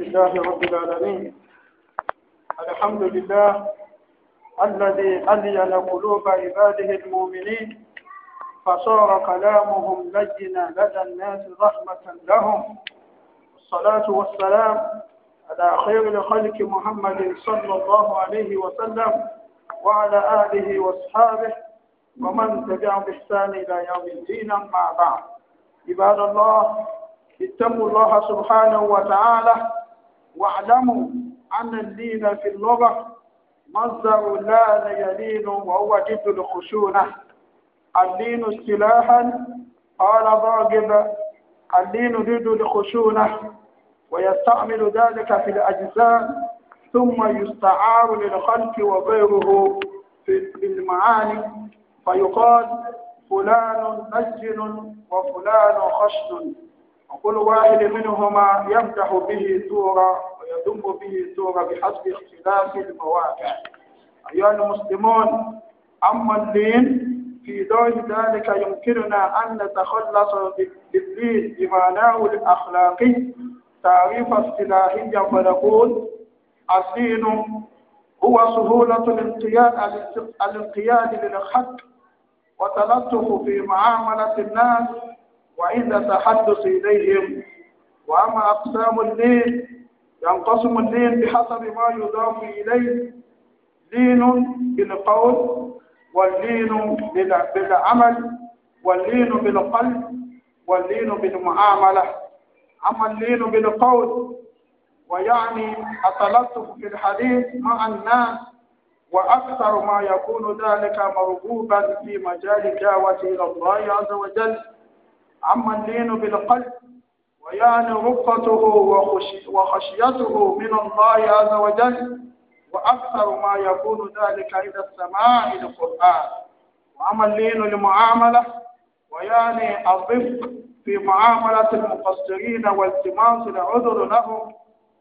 لله رب العالمين الحمد لله الذي ألين قلوب عباده المؤمنين فصار كلامهم لينا لدى الناس رحمة لهم الصلاة والسلام على خير الخلق محمد صلى الله عليه وسلم وعلى آله وأصحابه ومن تبعهم بإحسان إلى يوم الدين مع بعض عباد الله اتقوا الله سبحانه وتعالى واعلموا أن اللين في اللغة مصدر لا يلين وهو جد الخشونة اللين سلاحا قال ضاقب اللين جد الخشونة ويستعمل ذلك في الأجزاء ثم يستعار للخلق وغيره في المعاني فيقال فلان لجن وفلان خشن وكل واحد منهما يمدح به سورة ويذم به سورة بحسب اختلاف المواقع أيها المسلمون أما الدين في ضوء ذلك يمكننا أن نتخلص بالدين بمعناه الأخلاقي تعريفا اصطلاحيا فنقول الدين هو سهولة الانقياد للحق وتلطف في معاملة الناس وعند تحدث إليهم وأما أقسام الدين ينقسم الدين بحسب ما يضاف إليه لين بالقول واللين بالعمل واللين بالقلب واللين بالمعاملة أما اللين بالقول ويعني التلطف في الحديث مع الناس وأكثر ما يكون ذلك مرغوبا في مجال دعوة إلى الله عز وجل أما اللين بالقلب ويعني رقته وخشيته من الله عز وجل وأكثر ما يكون ذلك عند السماع للقرآن وعما اللين المعاملة ويعني الضفق في معاملة المقصرين والتماس العذر لهم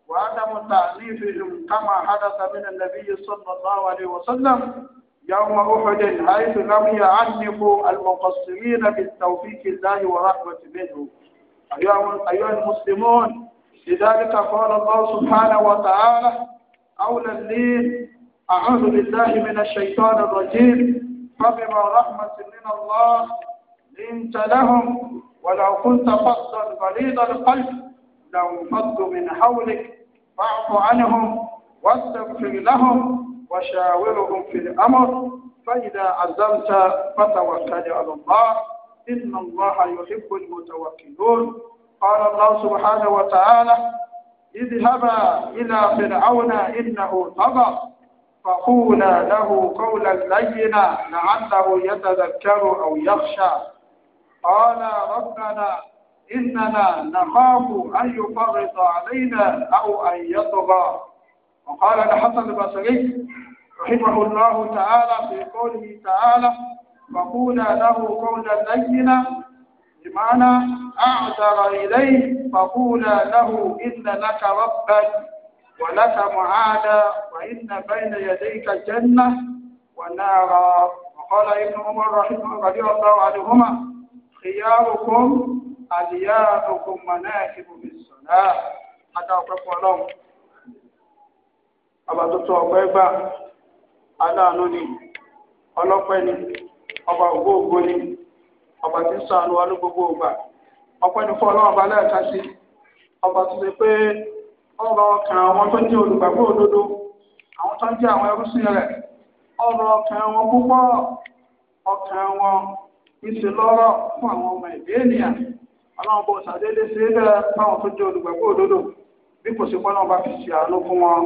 وعدم تعزيفهم كما حدث من النبي صلى الله عليه وسلم يوم أحد حيث لم يعنف المقصرين بالتوفيق الله ورحمة منه أيها المسلمون لذلك قال الله سبحانه وتعالى أولى لي أعوذ بالله من الشيطان الرجيم فبما رحمة من الله لنت لهم ولو كنت فظا غليظ القلب لانفضوا من حولك فاعف عنهم واستغفر لهم وشاورهم في الأمر فإذا عزمت فتوكل على الله إن الله يحب المتوكلون قال الله سبحانه وتعالى اذهبا إلى فرعون إنه طغى فقولا له قولا لينا لعله يتذكر أو يخشى قال ربنا إننا نخاف أن يفرط علينا أو أن يطغى وقال الحسن البصري رحمه الله تعالى في قوله تعالى فقولا له قولا لينا بمعنى أعذر إليه فقولا له إن لك ربا ولك معادا وإن بين يديك جنة ونارا وقال ابن عمر رحمه رضي الله عنهما خياركم ازياءكم مناكب بالصلاة حتى أقرأ لهم ọba tó tọ ọpẹ́ gbà aláàánú ni ọlọ́pẹ́ ni ọba ògbóògbó ni ọba tí ń ṣàánú wa ní gbogbo ògbà ọpẹ́ ni fún Ọlọ́run ba lẹ́ẹ̀ka sí ọba tó ṣe pé ọ̀rọ̀ ọkàn àwọn tó jẹ́ olùgbàgbọ́ òdodo àwọn tó ń jẹ́ àwọn ẹrúsìn rẹ̀ ọ̀rọ̀ ọkàn wọn púpọ̀ ọkàn wọn ìṣe lọ́rọ̀ fún àwọn ọmọ ìdí ènìyàn Ọlọ́run bó ṣàdédé ṣe é bẹ́ẹ̀ fáwọn tó jẹ́ olùgbàgbọ́ òdodo bí kò sí pọnà ọba fi ṣe àánú fún wọn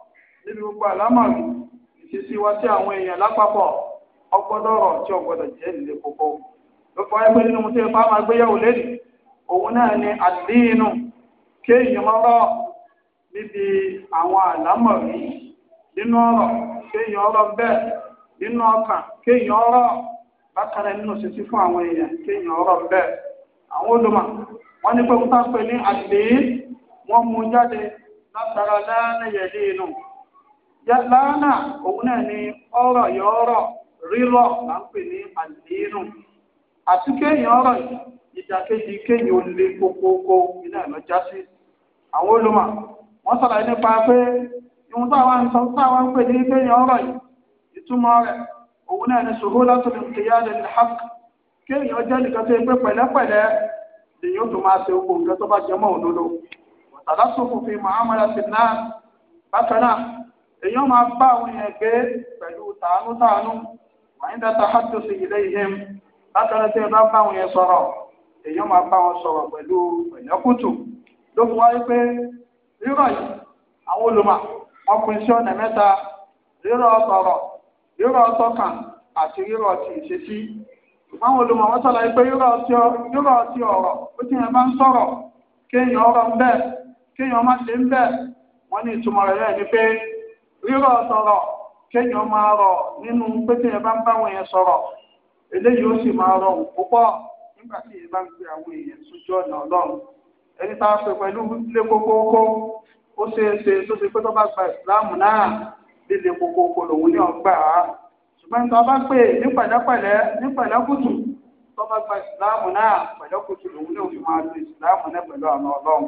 níbi gbogbo àlámàrí ìṣesí wa sí àwọn èèyàn lápapọ̀ ọgbọ́dọ̀ ọ̀rọ̀ tí ọgbọ́dọ̀ jẹ́ nílé kókó lọ́pọ̀ ẹgbẹ́ nínú tí ipa máa gbéyàwó lẹ́nu òun náà ni àdínú kéèyàn ọ̀rọ̀ níbi àwọn nínú ọ̀rọ̀ ọ̀rọ̀ bẹ́ẹ̀ nínú ọkàn ọ̀rọ̀ nínú fún àwọn èèyàn ọ̀rọ̀ bẹ́ẹ̀ àwọn olùmọ̀ wọ́n ní pé wọ́n ní wọ́n mú jáde látara inú lánà òun náà ni ọ̀rọ̀ yọ̀ọ̀rọ̀ rírọ̀ là ń pè ní àlẹ́nu àti kéèyàn ọ̀rọ̀ ìdàkejì kéèyàn olè kókókó iná ẹ̀ sí àwọn olùmọ̀ wọ́n sọ̀rọ̀ nípa pé ìwọ̀n táwa ń sọ táwa ń pè ní kéèyàn ọ̀rọ̀ yìí ìtumọ̀ rẹ̀ òun náà ni ṣòro látòlù kéyà lè ní hàk kéèyàn jẹ́ nìkan tó pé pẹ̀lẹ́pẹ̀lẹ́ lèyìn tó máa ṣe tó bá èèyàn máa bá àwọn èèyàn gbé pẹ̀lú tàánútàánú wàyíńdà tàhátùsì ilé ihe látara tí ẹ bá bá àwọn èèyàn sọ̀rọ̀ èèyàn máa bá wọn sọ̀rọ̀ pẹ̀lú pẹ̀lẹ́kùtù ló fi wáyé pé rírọ̀ yìí àwọn olùmọ̀ wọn pín sí ọ̀nà mẹ́ta rírọ̀ sọ̀rọ̀ rírọ̀ àti rírọ̀ ti ìṣesí àwọn olùmọ̀ wọn sọ̀rọ̀ pé rírọ̀ ti ọ̀rọ̀ ó ti yẹn ń sọ̀rọ̀ rírọ̀ sọ̀rọ̀ kéèyàn máa rọ̀ nínú pété yẹn bá ń bá wọn yẹn sọ̀rọ̀ eléyìí ó sì máa rọ̀ púpọ̀ nígbà tí bá ń gbé àwọn èèyàn sójú ọ̀nà ọlọ́run ẹni tá pẹ̀lú ó tó ṣe pé tó bá gba ìsìláàmù náà líle lòun ní ọgbà á ṣùgbọ́n tó bá pè ní pẹ̀lẹ́pẹ̀lẹ́ gba ìsìláàmù náà pẹ̀lẹ́kùtù lòun ní òfin máa lo ìsìláàmù náà pẹ̀lú àwọn ọlọ́run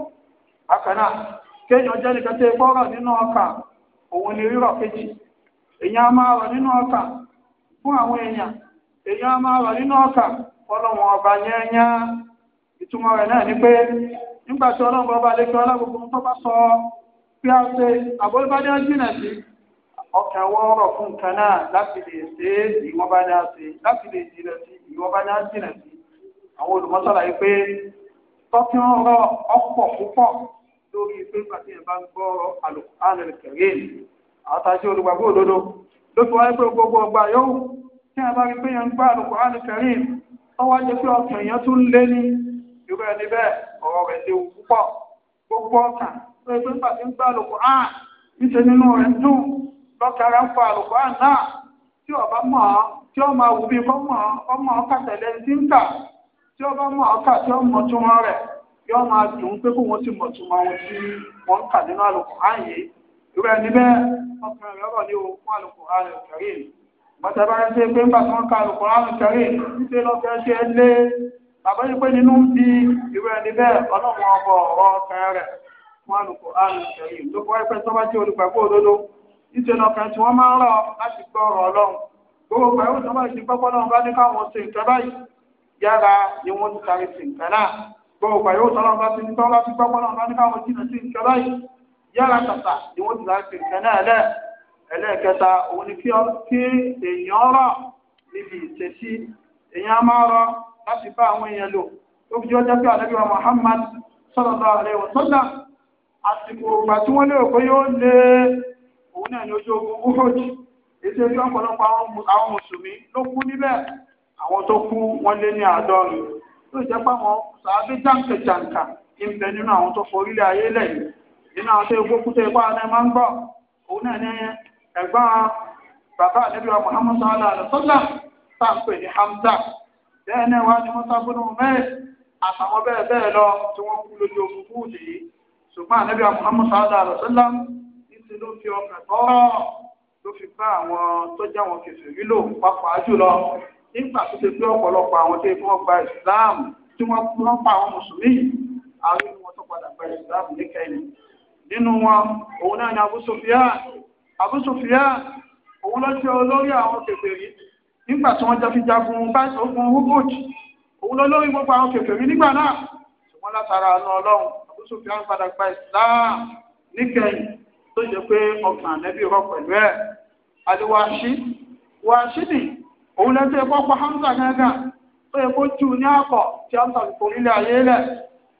bákan náà kéèyàn jẹ́ nìkan tó òun ni rírọ̀ kejì èyàn a máa rọ̀ nínú ọkà fún àwọn èèyàn èyàn a máa rọ̀ nínú ọkà fọlọ́wọn ọba yẹ́nyá ìtumọ̀ rẹ̀ náà ni pé nígbà tí ọlọ́run ọba lè fi ọlọ́gbogbo tó bá sọ pé a ṣe àbólúbádé jìnà sí ọkà wọ́ọ̀rọ̀ fún nǹkan náà láti lè ṣe ìwọ́n bá dá ṣe láti lè jìnà sí ìwọ́n bá dá jìnà sí àwọn olùmọ́sọ̀rọ̀ yìí pé tọ́kí ń rọ ọ̀pọ̀ púpọ̀ lórí pé pàtí ẹ̀ ń gbọ́ àtàṣe òdodo ló fi wáyé pé gbogbo ọgbà yóò tí a bá rí pé yẹn ń gbọ́ Al-Qur'an ó wá jẹ́ pé ọkàn èèyàn tún lé ní irú ẹni bẹ́ẹ̀ ọ̀rọ̀ rẹ̀ púpọ̀ gbogbo ọkàn pé pé pàtí ń gbọ́ al níṣẹ́ nínú rẹ̀ dùn lọ́kàrà ń pa al náà tí ọba yọ máa dùn pé kó wọn ti mọ̀ tún àwọn tí wọ́n ń kà nínú àlùkò ààyè irú ẹni bẹ́ẹ̀ ọkùnrin rẹ̀ rọ̀ ní o fún àlùkò ààrẹ kẹrin mọ̀tẹ́bá ń ṣe pé ńgbà tí wọ́n ka àlùkò ààrẹ kẹrin níṣẹ́ lọ́fẹ́ ṣe é lé bàbá yìí pé nínú di irú ẹni bẹ́ẹ̀ ọlọ́run ọbọ̀ ọ̀rọ̀ rẹ̀ fún àlùkò ààrẹ kẹrin tó fọ́ ẹgbẹ́ tó bá ti gbọ́gbọ́ gbọ́wọ́ gbà yóò sọ́lá bá ti ní tọ́lá ti gbọ́ mọ́lá bá ní káwọn jìnà sí nǹkan láyé yára tàtà ni wọ́n ti láti nǹkan náà lẹ́ ẹlẹ́ẹ̀kẹta òun ni kí èèyàn rọ̀ níbi ìṣesí èèyàn máa rọ̀ láti bá àwọn èèyàn lò tó fi jọ́jọ́ pé àdébí wa Muhammad sallallahu alaihi wasallam àsìkò ìgbà tí wọ́n lérò pé yóò lé òun náà ní ojú ogun Uhud èsì ojú ọ̀pọ̀lọpọ̀ àwọn mùsùlùmí ló kú níbẹ̀ àwọn tó kú wọ́n lé ní àádọ́rin tó ìjẹ́ páwọn sàábí jàǹkà jàǹkà ń bẹ nínú àwọn tó forílẹ̀ ayé lẹ́yìn nínú àwọn tó gbó kúté ipá ọ̀nà máa ń gbọ́ òun náà ní ẹ̀gbọ́n bàbá àdébí wa Muhammad sallallahu alaihi wasallam tá à ń pè ní Hamza bẹ́ẹ̀ náà wá ní Musa bínú mẹ́ẹ̀ àtàwọn bẹ́ẹ̀ bẹ́ẹ̀ lọ tí wọ́n kú lójú ogun kú ṣùgbọ́n àdébí wa Muhammad sallallahu alaihi wasallam ti ló fi ọkàn tọ́rọ̀ ló fi bá àwọn tó já wọn kẹsì rí lò pápá jùlọ nígbà tó ṣe pé ọ̀pọ̀lọpọ̀ àwọn tó yẹ kí wọ́n gba islam tí wọ́n wọ́n pa àwọn mùsùlùmí àwọn ìlú tó padà gba islam níkẹyìn nínú wọn òun náà ni Abu Sufyan Abu Sufyan òun ló jẹ́ olórí àwọn kèfèrí nígbà tí wọ́n jẹ́ fi jagun ogun hubud òun ló lórí gbogbo àwọn kèfèrí nígbà náà ṣùgbọ́n látara àánú ọlọ́run Abu Sufyan padà gba islam níkẹyìn tó jẹ́ pé ọkàn ànẹ́bí rọ pẹ̀lú ẹ̀ àdìwàṣí wàṣídìí òun lẹ́sẹ̀ ẹ̀kọ́ pa hamza gángan tó yẹ kó jù ní àpọ̀ tí hamza fi kò nílé ayé lẹ̀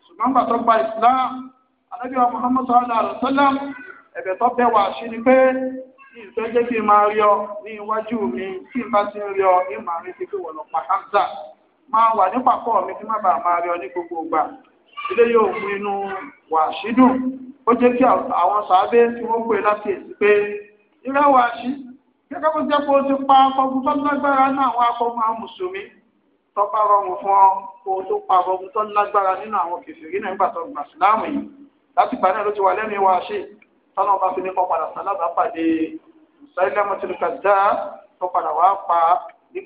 ṣùgbọ́n gbà tó gba islam anábì wa muhammad sallallahu alayhi wa sallam ẹ̀bẹ̀ tó bẹ̀ wá sí ni pé ní ìfẹ́ jẹ́ kí n máa rí ọ ní iwájú mi tí n bá ti ń rí ọ ní màá rí ti fi wọ̀ hamza máa wà ní pàpọ̀ mi kí má bàa máa rí ọ ní gbogbo ìgbà ilé yóò fún inú gẹ́gẹ́ bó jẹ́ pé o ti pa akọgun tó lágbára nínú àwọn akọgun àwọn mùsùlùmí tọ́pá rọrùn fún ọ kó o tó pa akọgun tó lágbára nínú àwọn kèfèrí náà nígbà tó gbà síláàmù yìí láti gbà náà ló ti wà lẹ́nu ìwà ṣe tọ́nà ọba fi ní kọ́ padà sálábà pàdé ìsáyẹ́lẹ́mọ̀ tí lùkà tó padà wá pa ní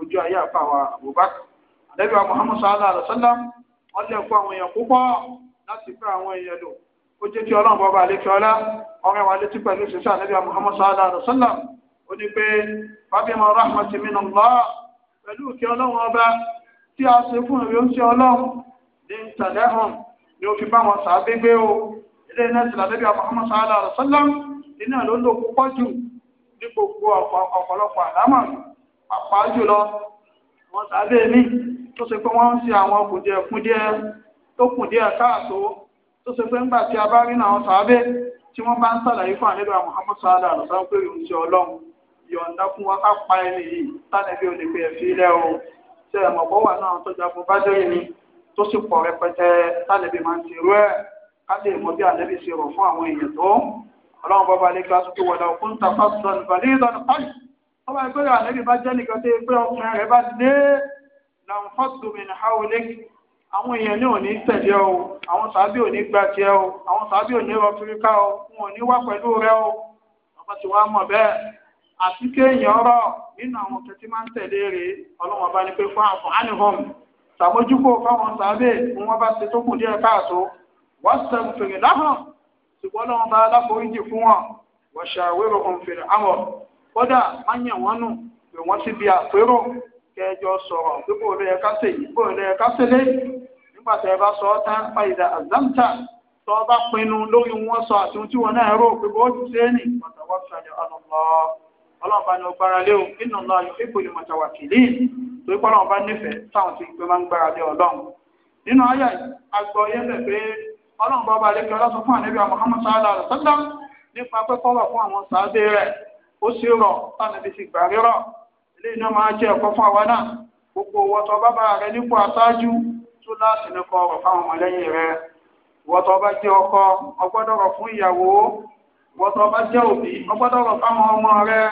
ojú ayé àpá wa Abubakar àdẹ́bíwá Muhammad sallallahu alayhi wa sallam wọ́n lè kó àwọn èèyàn púpọ̀ láti fẹ́ ó jẹ́ kí ọlọ́run bọ́ba àlekẹ́ ọlá ọ̀rẹ́ wa létí pẹ̀lú ìṣẹ́sẹ́ àlẹ́bí Muhammad sallallahu alaihi wasallam ó ní pé fabima rahmati minallah pẹ̀lú kí ọlọ́run ọba tí a ṣe fún ìwé oúnjẹ ọlọ́run ní tàlẹ́hàn ni ó fi bá wọn sàábé gbé o ilé iná ìsìlẹ̀ àlẹ́bí Muhammad sallallahu alaihi wasallam iná ló lò púpọ̀ jù ní gbogbo ọ̀pọ̀lọpọ̀ àlámà pàápàá jùlọ wọn sàábé mi tó ṣe pé wọ́n ń ṣe àwọn kùdìẹ̀kùdìẹ̀ tó kùdìẹ̀ káàtó tó ṣe pé ńgbà tí a bá rí náà àwọn sàábẹ́ tí wọ́n bá ń sàlàyé fún àlejò àwọn Muhammad sallallahu alaihi wasallam pé òun ṣe ọlọ́run yọ̀ǹda fún wa ká pa ẹni yìí tánàbí ò lè pè é fi ilẹ̀ o ṣe ẹ̀mọ̀pọ̀ wà náà tó jagun bá dé ni tó sì pọ̀ rẹpẹtẹ tánàbí máa ń ti rú ẹ̀ ká lè mọ bí àlẹ́bí ṣe rọ̀ fún àwọn èèyàn tó ọlọ́run bọ́ba lè ga sókè wọ̀dà òkun ta fásitọ̀ ní àwọn èèyàn ní òní tẹ̀lé ọ àwọn tàbí òní àwọn tàbí òní rọfíríkà o wọn ò ní wá pẹ̀lú rẹ o ọkọ tí wàá mọ̀ bẹ́ẹ̀ àti kéèyàn nínú àwọn máa ń tẹ̀lé rè ọlọ́wọ́n fún àwọn fáwọn ni wọ́n bá ṣe tó kù díẹ̀ káàtó wọ́n fèrè láhàn nígbà tó bá sọ ọ́ pa ìdá pinnu lórí wọn sọ àti ohun tí náà rò pé bó ṣe é nì mọ̀tàwákìlì ọlọ́lọ́ ọlọ́run bá ní o gbára lé o inna Allah yuhibbul mutawakilin torí pé ọlọ́run nífẹ̀ẹ́ táwọn ti gbé máa ń gbára lé ọlọ́run nínú ayé àgbọ̀ bẹ̀ pé kí tú láti ní kọ ọ̀rọ̀ fáwọn ọmọlẹ́yìn rẹ̀ wọ́tọ̀ bá jẹ́ ọkọ ọgbọ́dọ̀rọ̀ fún ìyàwó wọ́tọ̀ bá jẹ́ òbí ọgbọ́dọ̀rọ̀ fáwọn ọmọ rẹ̀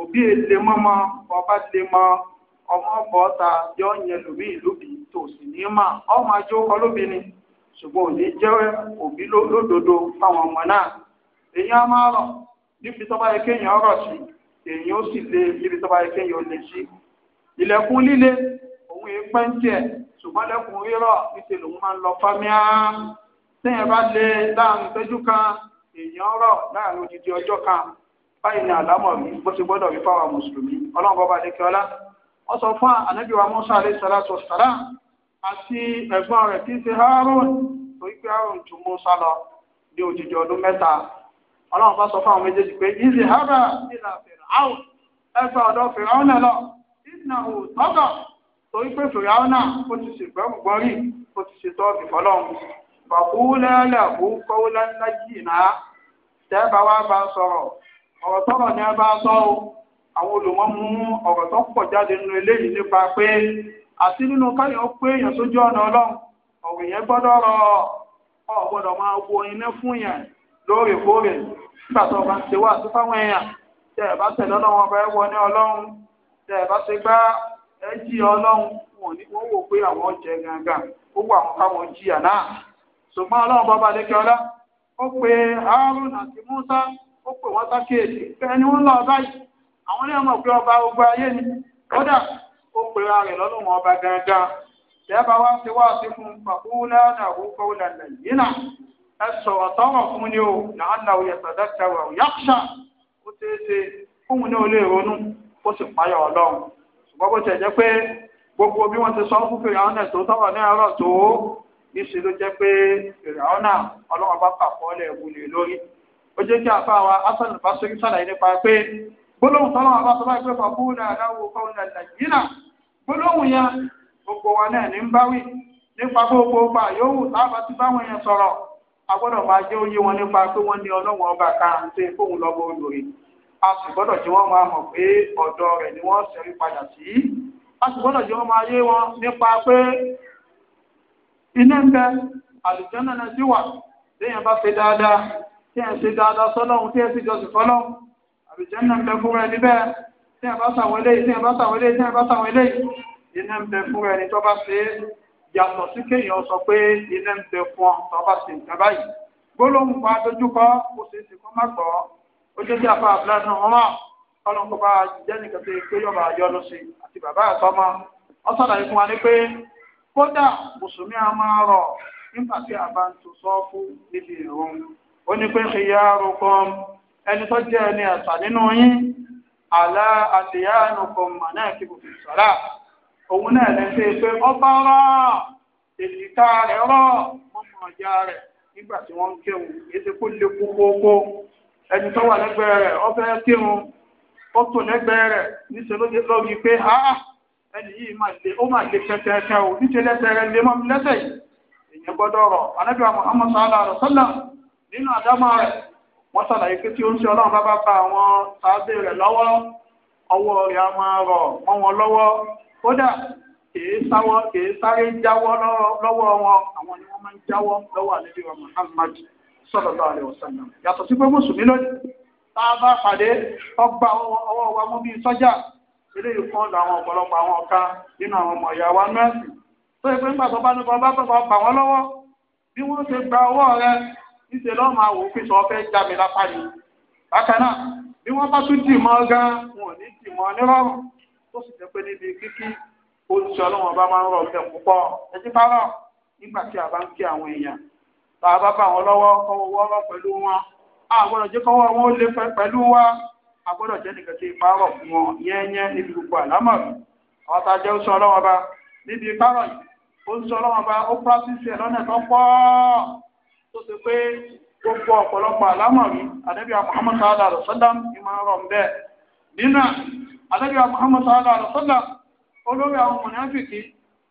òbí èlé mọ́mọ́ ọba lè mọ ọmọ ọ̀pọ̀ ọ̀ta yọ yẹn lómi ìlúbi tó sì ní mà ọmọ ajó ọmọ náà èyí á máa rọ̀ níbi tọ́ba yẹ kéèyàn rọ̀ sí èyí ó sì níbi tọ́ba yẹ kéèyàn ṣùgbọ́n lẹ́kùn rírọ̀ níṣẹ́ lòun máa ń lọ fámíà téèyàn bá lé láàrin ìṣẹ́jú kan èèyàn rọ̀ láàrin odidi ọjọ́ kan báyìí ni àlámọ̀ rí bó ti gbọ́dọ̀ rí fáwọn mùsùlùmí ọlọ́run sọ fún ànábì Musa àti ẹ̀gbọ́n rẹ̀ ṣe torí pé ju lọ ní odidi ọdún mẹ́ta ọlọ́run bá sọ fún àwọn méjèèjì pé ìzì ìlà fèrè torí pé fìràwọ́ náà ó ti ṣègbẹ́rù gbọ́rí ó ti ṣètọ́ ìfọlọ́hún fàkúlẹ́lẹ̀ kó kọ́wọ́lẹ́ ńlá yìí náà tẹ́ẹ̀bà wá bá ń sọ̀rọ̀ ọ̀rọ̀ tọ́rọ̀ ni a sọ o àwọn olùmọ̀ mú ọ̀rọ̀ tó pọ̀ jáde nínú eléyìí nípa pé àti nínú káyọ̀ ó pé èèyàn sójú ọ̀nà ọlọ́run ọ̀rọ̀ yẹn gbọ́dọ̀ rọ ọ gbọ́dọ̀ máa wo iná fún yàn lóòrèkóòrè nígbà tó bá ń ṣe wá sí fáwọn èèyàn tẹ́ ẹ̀ bá ẹ jí ọlọ́run wọ́n wò pé àwọn jẹ gangan ó wà wọn káwọn jìyà náà ṣùgbọ́n ọlọ́run bàbá lẹ́kẹ́ ọlá ó pe Harun àti Musa ó pè wọ́n sákèèjì ni wọ́n lọ àwọn ilé ọmọ pé ọba ayé ni kódà ó pe ara rẹ̀ ọba gangan wá fún ẹ sọ̀rọ̀ tọ́rọ̀ fún ni òye ó ṣeé ṣe ní olè ronú gbogbo bó jẹ pé gbogbo bí wọn ti sọ fún fìràwọ́nà tó tọrọ ní ọ̀rọ̀ tó níṣẹ́ ló jẹ pé fìràwọ́nà ọlọ́wọ́ bá pàkọ́ọ́lẹ̀ wulẹ̀ lórí ó jẹ́ kí wa sàlàyé nípa pé gbólóhùn bá nàìjíríà gbólóhùn yẹn gbogbo náà ní ń nípa gbogbo ọgbà yòówù táwọn ti báwọn yẹn sọ̀rọ̀ a máa jẹ́ wọn nípa pé wọ́n ní ọlọ́wọ́ ọba kan fóun a sì gbọ́dọ̀ jẹ́ wọ́n máa mọ̀ pé ọ̀dọ̀ rẹ̀ ni wọ́n ṣẹ́rí padà sí a sì gbọ́dọ̀ jẹ́ wọ́n máa yé wọn nípa pé iná ń bẹ àlùjànnà náà sí wà téèyàn bá ṣe dáadáa téèyàn ṣe dáadáa sọ́lọ́hun téèyàn sì jọ sí fọ́lọ́hun àlùjànnà ń bẹ fún rẹ níbẹ̀ téèyàn bá ṣàwọn eléyìí téèyàn bá ṣàwọn eléyìí téèyàn bá ṣàwọn eléyìí iná ń bẹ fún rẹ ní tó ṣe é yàtọ̀ sí kéèyàn sọ pé iná ń bẹ fún ọ tó ṣe nǹkan báyìí gbólóhùn pa dojúkọ kò ṣeé ṣe kó má gbọ́ ó jẹ́ bí afá abúlásù ọmọ ọlọ́run kọ́ bá jẹ́ nìkan tó pé yọba àjọ ló ṣe àti bàbá àtọmọ ọ sàlàyé wa ní pé kódà mùsùlùmí a máa rọ nígbà tí a bá ń tò sọ fún níbi ìrún ó ní pé ṣe yá rúkọm ẹni tó jẹ́ ẹni ẹ̀sà nínú yín àlá àtìyánukọm màná kí kò fi sọ̀rà òun náà lè ṣe pé ọba rọ èjìká rẹ̀ rọ mọ́mọ́ ọjà rẹ̀ nígbà tí wọ́n ń kéwòn èsì kó lè kú kókó ẹni tó wà ọ rẹ̀ ó kírun ó tò lẹ́gbẹ̀ẹ́ rẹ̀ níṣẹ́ ló pé ha ẹni yìí ó mà lè kẹtẹẹtẹ o níṣẹ́ lẹ́sẹ̀ rẹ̀ lè mọ́ lẹ́sẹ̀ yìí gbọ́dọ̀ rọ̀ anábìá Muhammad sallallahu nínú rẹ̀ wọ́n sàlàyé pé tí ó ń ṣe ọlọ́run bá bá àwọn rẹ̀ lọ́wọ́ ọwọ́ rẹ̀ máa rọ̀ mọ́ sallallahu alaihi wasallam yàtọ̀ sí pé mùsùlùmí lónìí tá a bá pàdé ọgbà ọwọ́ wa mú bíi sọ́jà kan lọ àwọn ọ̀pọ̀lọpọ̀ àwọn ọ̀ka nínú àwọn ọmọ ìyá wa nọ́ọ̀sì tó yẹ pé ńgbà tó bá ní bọ́ bá tó bá bà wọ́n lọ́wọ́ bí wọ́n ṣe gba ọwọ́ ni bákan náà bí wọ́n bá tún dì mọ́ gan wọn ò tí a bá ń kí àwọn èèyàn bàbá bà wọn lọ́wọ́ kọ́wọ́ wọ́ lọ pẹ̀lú wọn àgbọ́dọ̀ jẹ́ kọ́wọ́ wọn ó lé pẹ̀lú wa àgbọ́dọ̀ jẹ́ nìkan tí ìparọ̀ fún wọn yẹ́nyẹ́ níbi gbogbo àlámọ̀ àwọn tá a jẹ́ oṣù ọlọ́wọ́ bá níbi ìparọ̀ yìí oṣù ọlọ́wọ́ bá ó pàṣíṣe ẹ̀ lọ́nà tó pọ̀ tó ṣe pé gbogbo ọ̀pọ̀lọpọ̀ àlámọ̀ rí àdẹ́bíà Muhammad sallallahu alaihi wasallam ni máa rọ̀ ń bẹ́ẹ̀ nínú àdẹ́bíà Muhammad sallallahu alaihi wasallam olórí àwọn mọ̀nàfìkì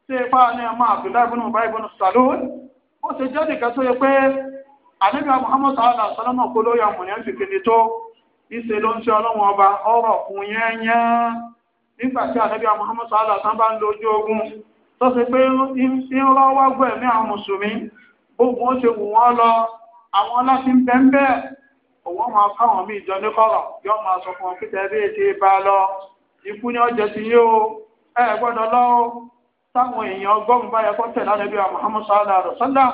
ṣe ipá ní ọmọ Abdullahi ibn Ubay ibn Salul ó ti jẹ́ nìkan tó yẹ pé àdébíà muhammad sallallahu alaihi wasallam kó lórí àwọn èèyàn fìkìní tó ìṣe ló ń ṣe ọlọ́run ọba ọ̀rọ̀ fún yẹ́nyẹ́ nígbà tí àdébíà muhammad sallallahu ogun tó ṣe pé ń rọ́ wágbọ́ ẹ̀mí àwọn mùsùlùmí gbogbo ó ṣe wù wọ́n lọ àwọn láti ń bẹ́ ń táwọn èèyàn ọgọ́rùn bá yẹ kó tẹ̀lé ànábì wa muhammad sallallahu alaihi wa sallam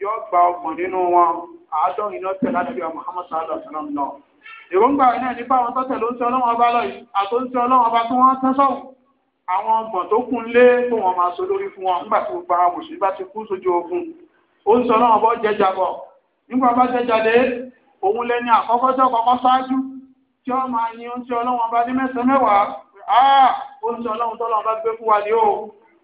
yóò gba ọgbọ̀n nínú wọn àádọ́rin náà tẹ̀lé ànábì wa muhammad sallallahu alaihi wa sallam lọ. èròǹgbà náà nípa àwọn tó tẹ̀lé oúnjẹ ọlọ́wọ́n ọba lọ yìí àtúnṣe ọlọ́wọ́n ọba tí wọ́n tẹ́ sọ́wọ́ àwọn ọgbọ̀n tó kún lé kó wọn máa so lórí fún wọn nígbà tí gbogbo àwọn mùsùlùmí bá ti kú sójú ogun oúnjẹ ọlọ́wọ́n bọ́ jẹjà bọ̀ nígbà bá jẹjà dé òun lẹni àkọ́kọ́ tó kọ́kọ́ ṣáájú tí wọ́n máa yin oúnjẹ ọlọ́wọ́n ọba ní mẹ́sàn-án mẹ́wàá oúnjẹ ọlọ́wọ́n tọ́lọ́wọ́n bá gbé fún wa ní o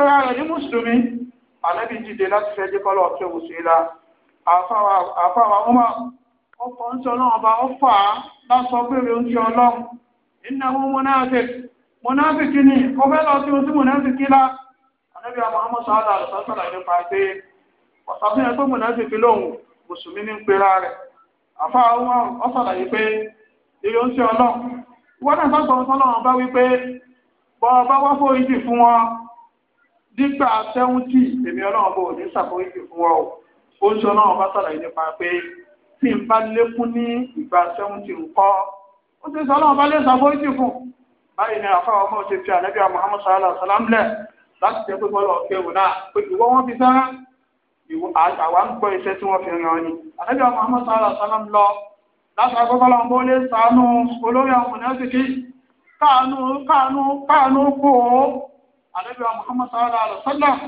pẹ́ra rẹ̀ ní mùsùlùmí ànábì dìde láti fẹ́ jẹ́ kọ́lọ́ ọ̀tún òwò sí la àfàwà ọmọ ọkọ̀ ń sọ náà ọba ọfà lásọ péré ń sọ ọlọ́run iná mú mọ́náfẹ́ mọ́náfẹ́ kí ni ó fẹ́ lọ sí oṣù mọ́náfẹ́ kí lá ànábì àwọn ọmọ sọ́ọ́dà àlùsọ́sọ́là nípa pé ọ̀sàfihàn pé mọ́náfẹ́ kí lóhùn mùsùlùmí ní pẹ́ra rẹ̀ àfàwà ọmọ ọ̀sàlà yìí pé èrè ń sọ ọlọ́run wọ́n náà sọ́sọ́ ọlọ́run bá wí pé bọ́ ọba wá fóyìí fún wọn nígbà sẹ́wọ́ntì èmi ọlọ́run bò ní sàkóríkì fún wa o ó ń sọ náà bá sàlàyé nípa pé tí n bá lékún ní ìgbà sẹ́wọ́ntì ńkọ́ ó ti sọ ọlọ́run bá lè sàkóríkì fún báyìí ni àfáwọn ọmọ ti fi ànábìà Muhammad sallallahu alaihi wa sallam lẹ̀ láti jẹ́ pé bọ́lá ọ̀kẹ́wò náà pé ìwọ́ wọn fi sára àwa ń gbọ́ iṣẹ́ tí wọ́n fi ràn ni ànábìà Muhammad sallallahu alaihi wa sallam lọ láti agbọ́gbọ́lá ń bó lè sàánú olórí àwọn mọ̀nẹ́sìkì káànú káànú káànú kó o àlẹ́bíwá Muhammad sallallahu alaihi wasallam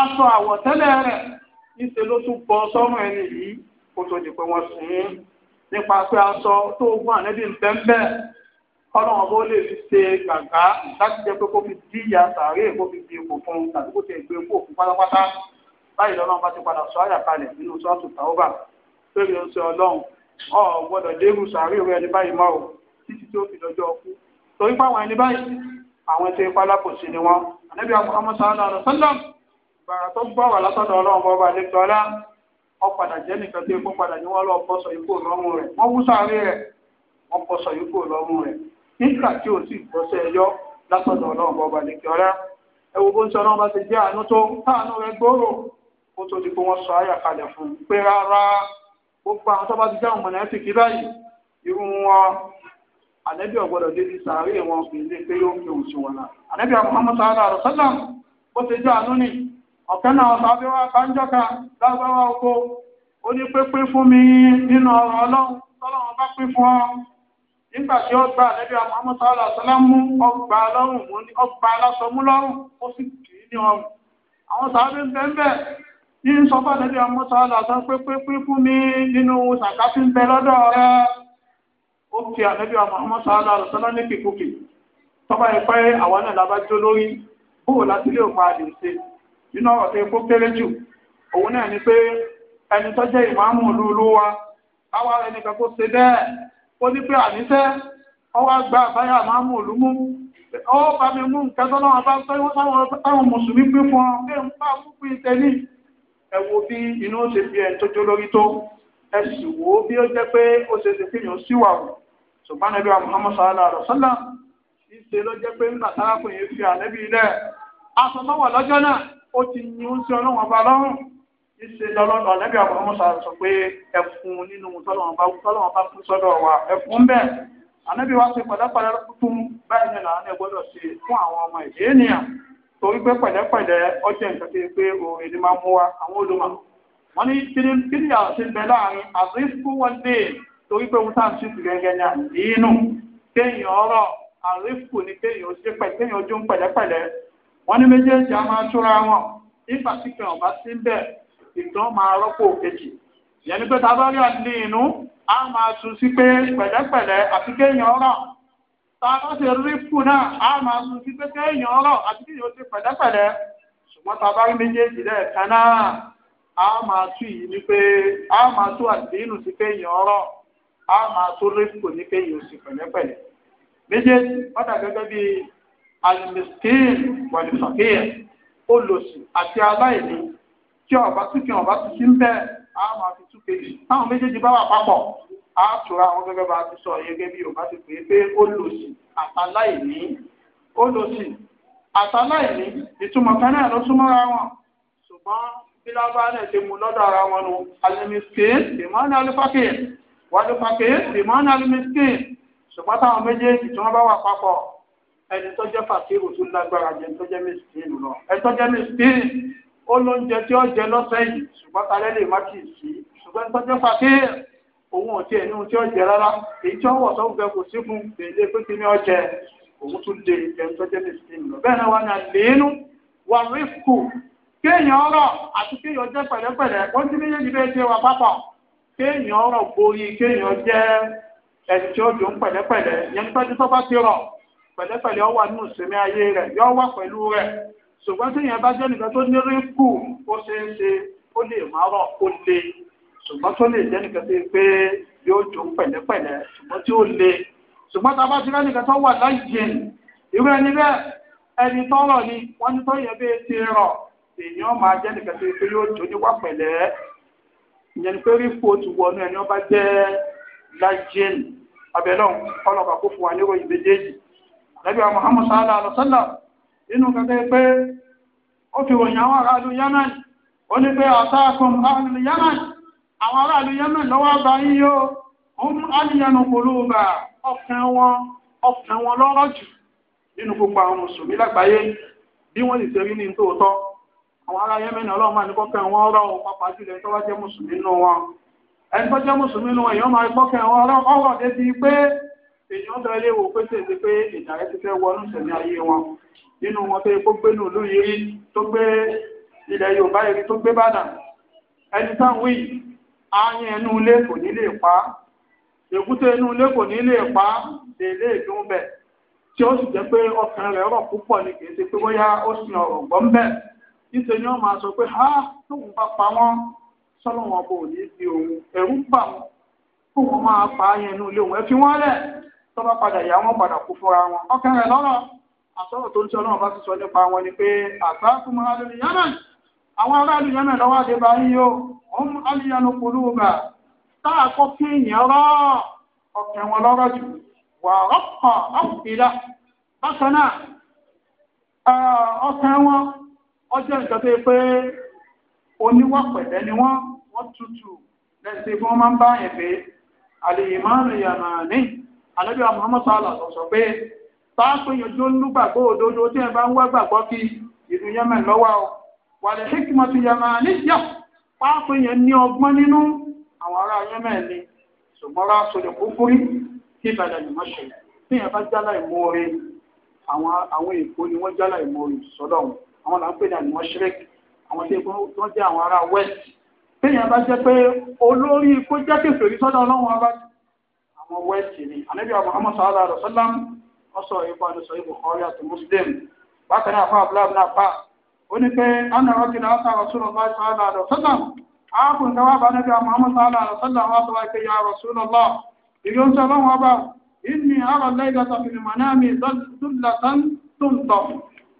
aṣọ àwọ̀tẹ́lẹ̀ rẹ̀ níṣẹ́ ló tún bọ́ sọ́rùn ẹni yìí kó tó di pé wọ́n sùn ún nípa pé aṣọ tó gún àlẹ́bí ń bẹ́ńbẹ́ kọ́nà ọ̀bọ lè fi ṣe gàgá láti jẹ́ pé kó fi dí ìyá sàárè kó fi di ipò fún un tàbí kó ti gbé ipò fún pátápátá báyìí lọ́nà bá ti padà sọ àyà kalẹ̀ nínú sọ́ọ̀tù tàwọ́bà lórí oṣù ọlọ́run ọ̀ gbọ́dọ̀ dérú sàárè rẹ̀ ní báyìí máa ò títí tí ó fi lọ́jọ́ ọkú torí pàwọn ẹni báyìí àwọn tí ipá lápòsí ni wọn ànábì Muhammad sallallahu alaihi wasallam ìbàrà tó gbọ́ wà látọ̀dọ̀ ọlọ́run bọ́ba adékọ́lá wọn padà jẹ́ nìkan tí epo padà ní wọn lọ bọ́sọ ikú lọ́rùn rẹ̀ wọ́n kú sáré rẹ̀ wọ́n bọ́sọ ikú lọ́rùn rẹ̀ nígbà tí ò sì bọ́sẹ̀ ẹyọ látọ̀dọ̀ ọlọ́run bọ́ba adékọ́lá ẹ wo bó ń sọ ọlọ́run bá ti jẹ́ àánú tó táànú rẹ̀ gbòòrò kó tó di pé wọ́n sọ àyà kalẹ̀ fún un pé rárá gbogbo àwọn tó bá ti jẹ́ àwọn mọ̀nà ànẹ́bí ọ̀gbọ́dọ̀ débi sàárè wọn fi lé pé yóò fi òun sí wọn náà ànẹ́bí Muhammad sallallahu alaihi wasallam bó ṣe jẹ́ àánú ni ọ̀kẹ́ náà ọ̀sán abẹ́wà kanjọ́ka lágbára oko ó ní pépé fún mi nínú ọ̀rọ̀ ọlọ́run tọ́lọ́run bá pín fún ọ nígbà tí ó gba ànẹ́bí Muhammad sallallahu alaihi wasallam mú ọgbà lọ́rùn mú ọgbà aláṣọ mú lọ́rùn ó sì kì í ní ọrùn àwọn sàárè ń bẹ́ ń ní sọ́fà ànẹ́bí Muhammad sallallahu alaihi wasallam pépé fún mi nínú sàkásí ń bẹ lọ́dọ̀ rẹ̀ ó fi ànábì wa Muhammad sallallahu alaihi wasallam ní kìkúkì tọ́ba ìpẹ́ àwọn náà lábájọ́ lórí bóò láti ilé òpá àdè ṣe nínú ọ̀rọ̀ tó epo kéré jù òun náà ni pé ẹni tó jẹ́ ìmáàmù ìlú ìlú wa àwa rẹ̀ nìkan kó ṣe bẹ́ẹ̀ ó ní pé àníṣẹ́ ọwọ́ gba àbáyà máàmù ìlú mú ó bá mi mú nǹkan tó náà bá fẹ́ táwọn mùsùlùmí pín fún ọ pé ń bá púpọ̀ ìtẹ́lí ẹ wo bí inú ó ṣe fi ẹ̀ tó jó lórí tó ẹ sì wò ó bí ó jẹ́ pé ó ṣe ṣe fi yàn síwàwù ṣùgbọ́n nàbí wa Muhammad sallallahu alaihi wa sallam ìṣe ló jẹ́ pé nígbà tárakùn yìí fi ànẹ́bí ilẹ̀ aṣọ lọ́wọ́ lọ́jọ́ náà ó ti ní ó ń ṣe ọlọ́wọ́n ọba lọ́rùn lọ́lọ́dọ̀ ànẹ́bí wa Muhammad sallallahu sọ pé ẹfun nínú fún báyìí ní fún àwọn ọmọ ìdí ènìyàn torí ni máa mú wa àwọn olùmọ̀ wọ́n ní torí pé ohun tá à ń ṣètò gẹ́gẹ́ ọrọ àdínú kéèyàn ọ̀rọ̀ àrífù ni kéèyàn ṣe kéèyàn ojú ń pẹ̀lẹ́pẹ̀lẹ́ wọ́n ní méjèèjì máa túra wọn ọ̀bá sí ń bẹ̀ ìtàn máa rọ́pò kejì yẹnni pé àdínú máa sí pé pẹ̀lẹ́pẹ̀lẹ́ àti kéèyàn ọ̀rọ̀ rífù náà máa sí pé kéèyàn ọ̀rọ̀ àti kéèyàn a máa tó lóṣù ní pé yóò sì pẹ̀lẹ́pẹ̀lẹ́ méjèèjì ọ̀dà gẹ́gẹ́ bíi alimiskin wàlúfàkìyà olòṣì àti aláìní tí ọba tí kí ọba ti sí ń bẹ́ẹ̀ a máa fi tú kejì táwọn méjèèjì bá wà papọ̀ a tura àwọn gẹ́gẹ́ bá ti sọ gẹ́gẹ́ bí yorùbá ti pè é pé olòṣì àtàláìní olòṣì àtàláìní ìtumọ̀ kan náà ló súnmọ́ra wọn ṣùgbọ́n bí lábára náà ti mú lọ́dọ̀ ara wọn nu alimiskin ìmọ̀ọ́nà alifákìyà wàlúùpàkè bìmọ́nà alimiskin ṣùgbọ́n táwọn méjèèjì tí wọ́n bá wà papọ̀ ẹni tó jẹ́ fàkírù tún lágbára jẹ ẹni tó jẹ́ miskin lọ ẹni tó jẹ́ miskin ó lóúnjẹ tí ó jẹ lọ́sẹ̀ yìí ṣùgbọ́n talẹ́ lè má kì í sí ṣùgbọ́n ẹni tó jẹ́ fàkírù òun ò tí ẹni tí ó jẹ rárá èyí tí ó wọ̀ fẹ́ kò sí fún bèèlè pé kí ni ó jẹ òun tún kéèyàn ọ̀rọ̀ borí kéèyàn jẹ́ ẹni tí ó dùn pẹ̀lẹ́pẹ̀lẹ́ yẹn nípa tí tọ́ba ti rọ̀ pẹ̀lẹ́pẹ̀lẹ́ ọ wà nínú ìsinmi ayé rẹ̀ yọ wà pẹ̀lú rẹ̀ ṣùgbọ́n tí yẹn bá jẹ́ nìkan tó nírí kù ó ṣeé ṣe ó lè má rọ̀ ó le ṣùgbọ́n tó lè jẹ́ nìkan tó yóò dùn pẹ̀lẹ́pẹ̀lẹ́ ṣùgbọ́n le ṣùgbọ́n ìyẹn ni pé rífò ti wọnú ẹni ọba jẹ́ lájẹ́n abẹ́lẹ́ ọlọ́pàá kó fún wa ní ìròyìn méjèèjì àlẹ́bíà Muhammad sallallahu alaihi wasallam nínú kẹfẹ́ pé ó fi ròyìn àwọn aráàlú Yemen ó ní pé àtàkùn aráàlú Yemen àwọn aráàlú Yemen lọ́wọ́ bá yín yó òun alìyanu kòlóòbà ọkàn wọn ọkàn wọn lọ́rọ̀ jù nínú gbogbo àwọn mùsùlùmí lágbàáyé bí wọ́n sì ṣe rí ní tòótọ́ àwọn ará yẹmẹ́ni ọlọ́run máa ní kọ́kẹ́ wọn rọ pàpà jùlọ tó bá jẹ́ mùsùlùmí nù wọn ẹni tó jẹ́ mùsùlùmí nù wọn èèyàn máa kọ́kẹ́ wọn rọ ọ̀rọ̀ débi pé èèyàn bẹ̀rẹ̀ lè wò pé tètè pé ìdàrẹ́ ti fẹ́ wọnú sẹ̀mí ayé wọn nínú wọn pé kó gbé nù lóye rí tó gbé ilẹ̀ Yorùbá rí tó gbé bàdàn ẹni táwọn wí ààyè ẹnu ilé kò ní lè pa èkúté inú ilé kò ní lè pa délé ìdúnbẹ̀ tí ó sì jẹ́ pé ọkàn rẹ̀ rọ̀ púpọ̀ ni kì í ṣe pé bóyá ó sin ọ̀rọ̀ gbọ́n bẹ́ẹ̀ níṣẹ́ ni wọ́n máa sọ pé ha tóun bá pa wọ́n sọ́lọ́ wọn kò ní fi òun ẹ̀rú bà wọ́n kó wọn máa pa á yẹn inú ilé òun ẹ fi wọ́n lẹ̀ tó bá padà yà wọ́n padà kú fúnra wọn ọkàn rẹ̀ lọ́rọ̀ àsọ̀rọ̀ tó ń tí ọlọ́run bá ti sọ nípa wọn ni pé àgbà kúmọ̀ alẹ́ yánà àwọn aráàlú yánà lọ́wọ́ àdébá yín o òun alìyanu kùlùbà táà kọ́ kí èèyàn rọ́ ọkàn wọn lọ́rọ̀ jù wà rọ́pọ̀ ọ̀pìlà bákan náà ọkàn wọn ọjọ́ nǹkan tó yẹ pé oníwà pẹ̀lẹ́ ni wọ́n wọ́n tutù lẹ́sìn fún wọn máa ń bá yẹn pé àlèyé máa ń rìn àmà ní àlọ́bí àwọn ọmọ sọ́ọ́lá sọ sọ pé táàpù yọjú olùgbàgbọ́ òdodo tí ẹ bá ń wá gbàgbọ́ kí ìlú yemen lọ́wọ́ o wàlẹ̀ hikima ti yàmà níyà táàpù yẹn ní ọgbọ́n nínú àwọn ará yemen ni ṣùgbọ́n rà sọ̀rọ̀ kúkúrí kí ìbàdàn ni wọ́n ṣe tí ẹ bá jálá ìmóore àwọn èkó ni wọ́n jálá ìmóore sọ́dọ̀ wọn àwọn là ń pè ní àlùmọ́ṣẹ́rẹ́k àwọn tí wọ́n jẹ́ àwọn ará west téèyàn bá jẹ́ pé olórí kó jẹ́ kèfè rí sọ́dọ̀ ọlọ́run ọba àwọn west ni ànábì àwọn ọmọ sàálà rẹ̀ sọ́lám ọ̀sọ̀ ipa ní sọ kọ́rí àti muslim bákan náà fún abúlé náà bá ó ní pé anna rọ́kìlá ọ̀sà rọ̀sùlọ̀ bá sàálà rẹ̀ sọ́lám ààbùn káwá bá nábì àwọn ọmọ sàálà rẹ̀ sọ́lám wá sọ wá pé ya rọ̀sùlọ̀ lọ ìrìn oúnjẹ ọlọ́run ọba inni ara lẹ́gbẹ̀ẹ́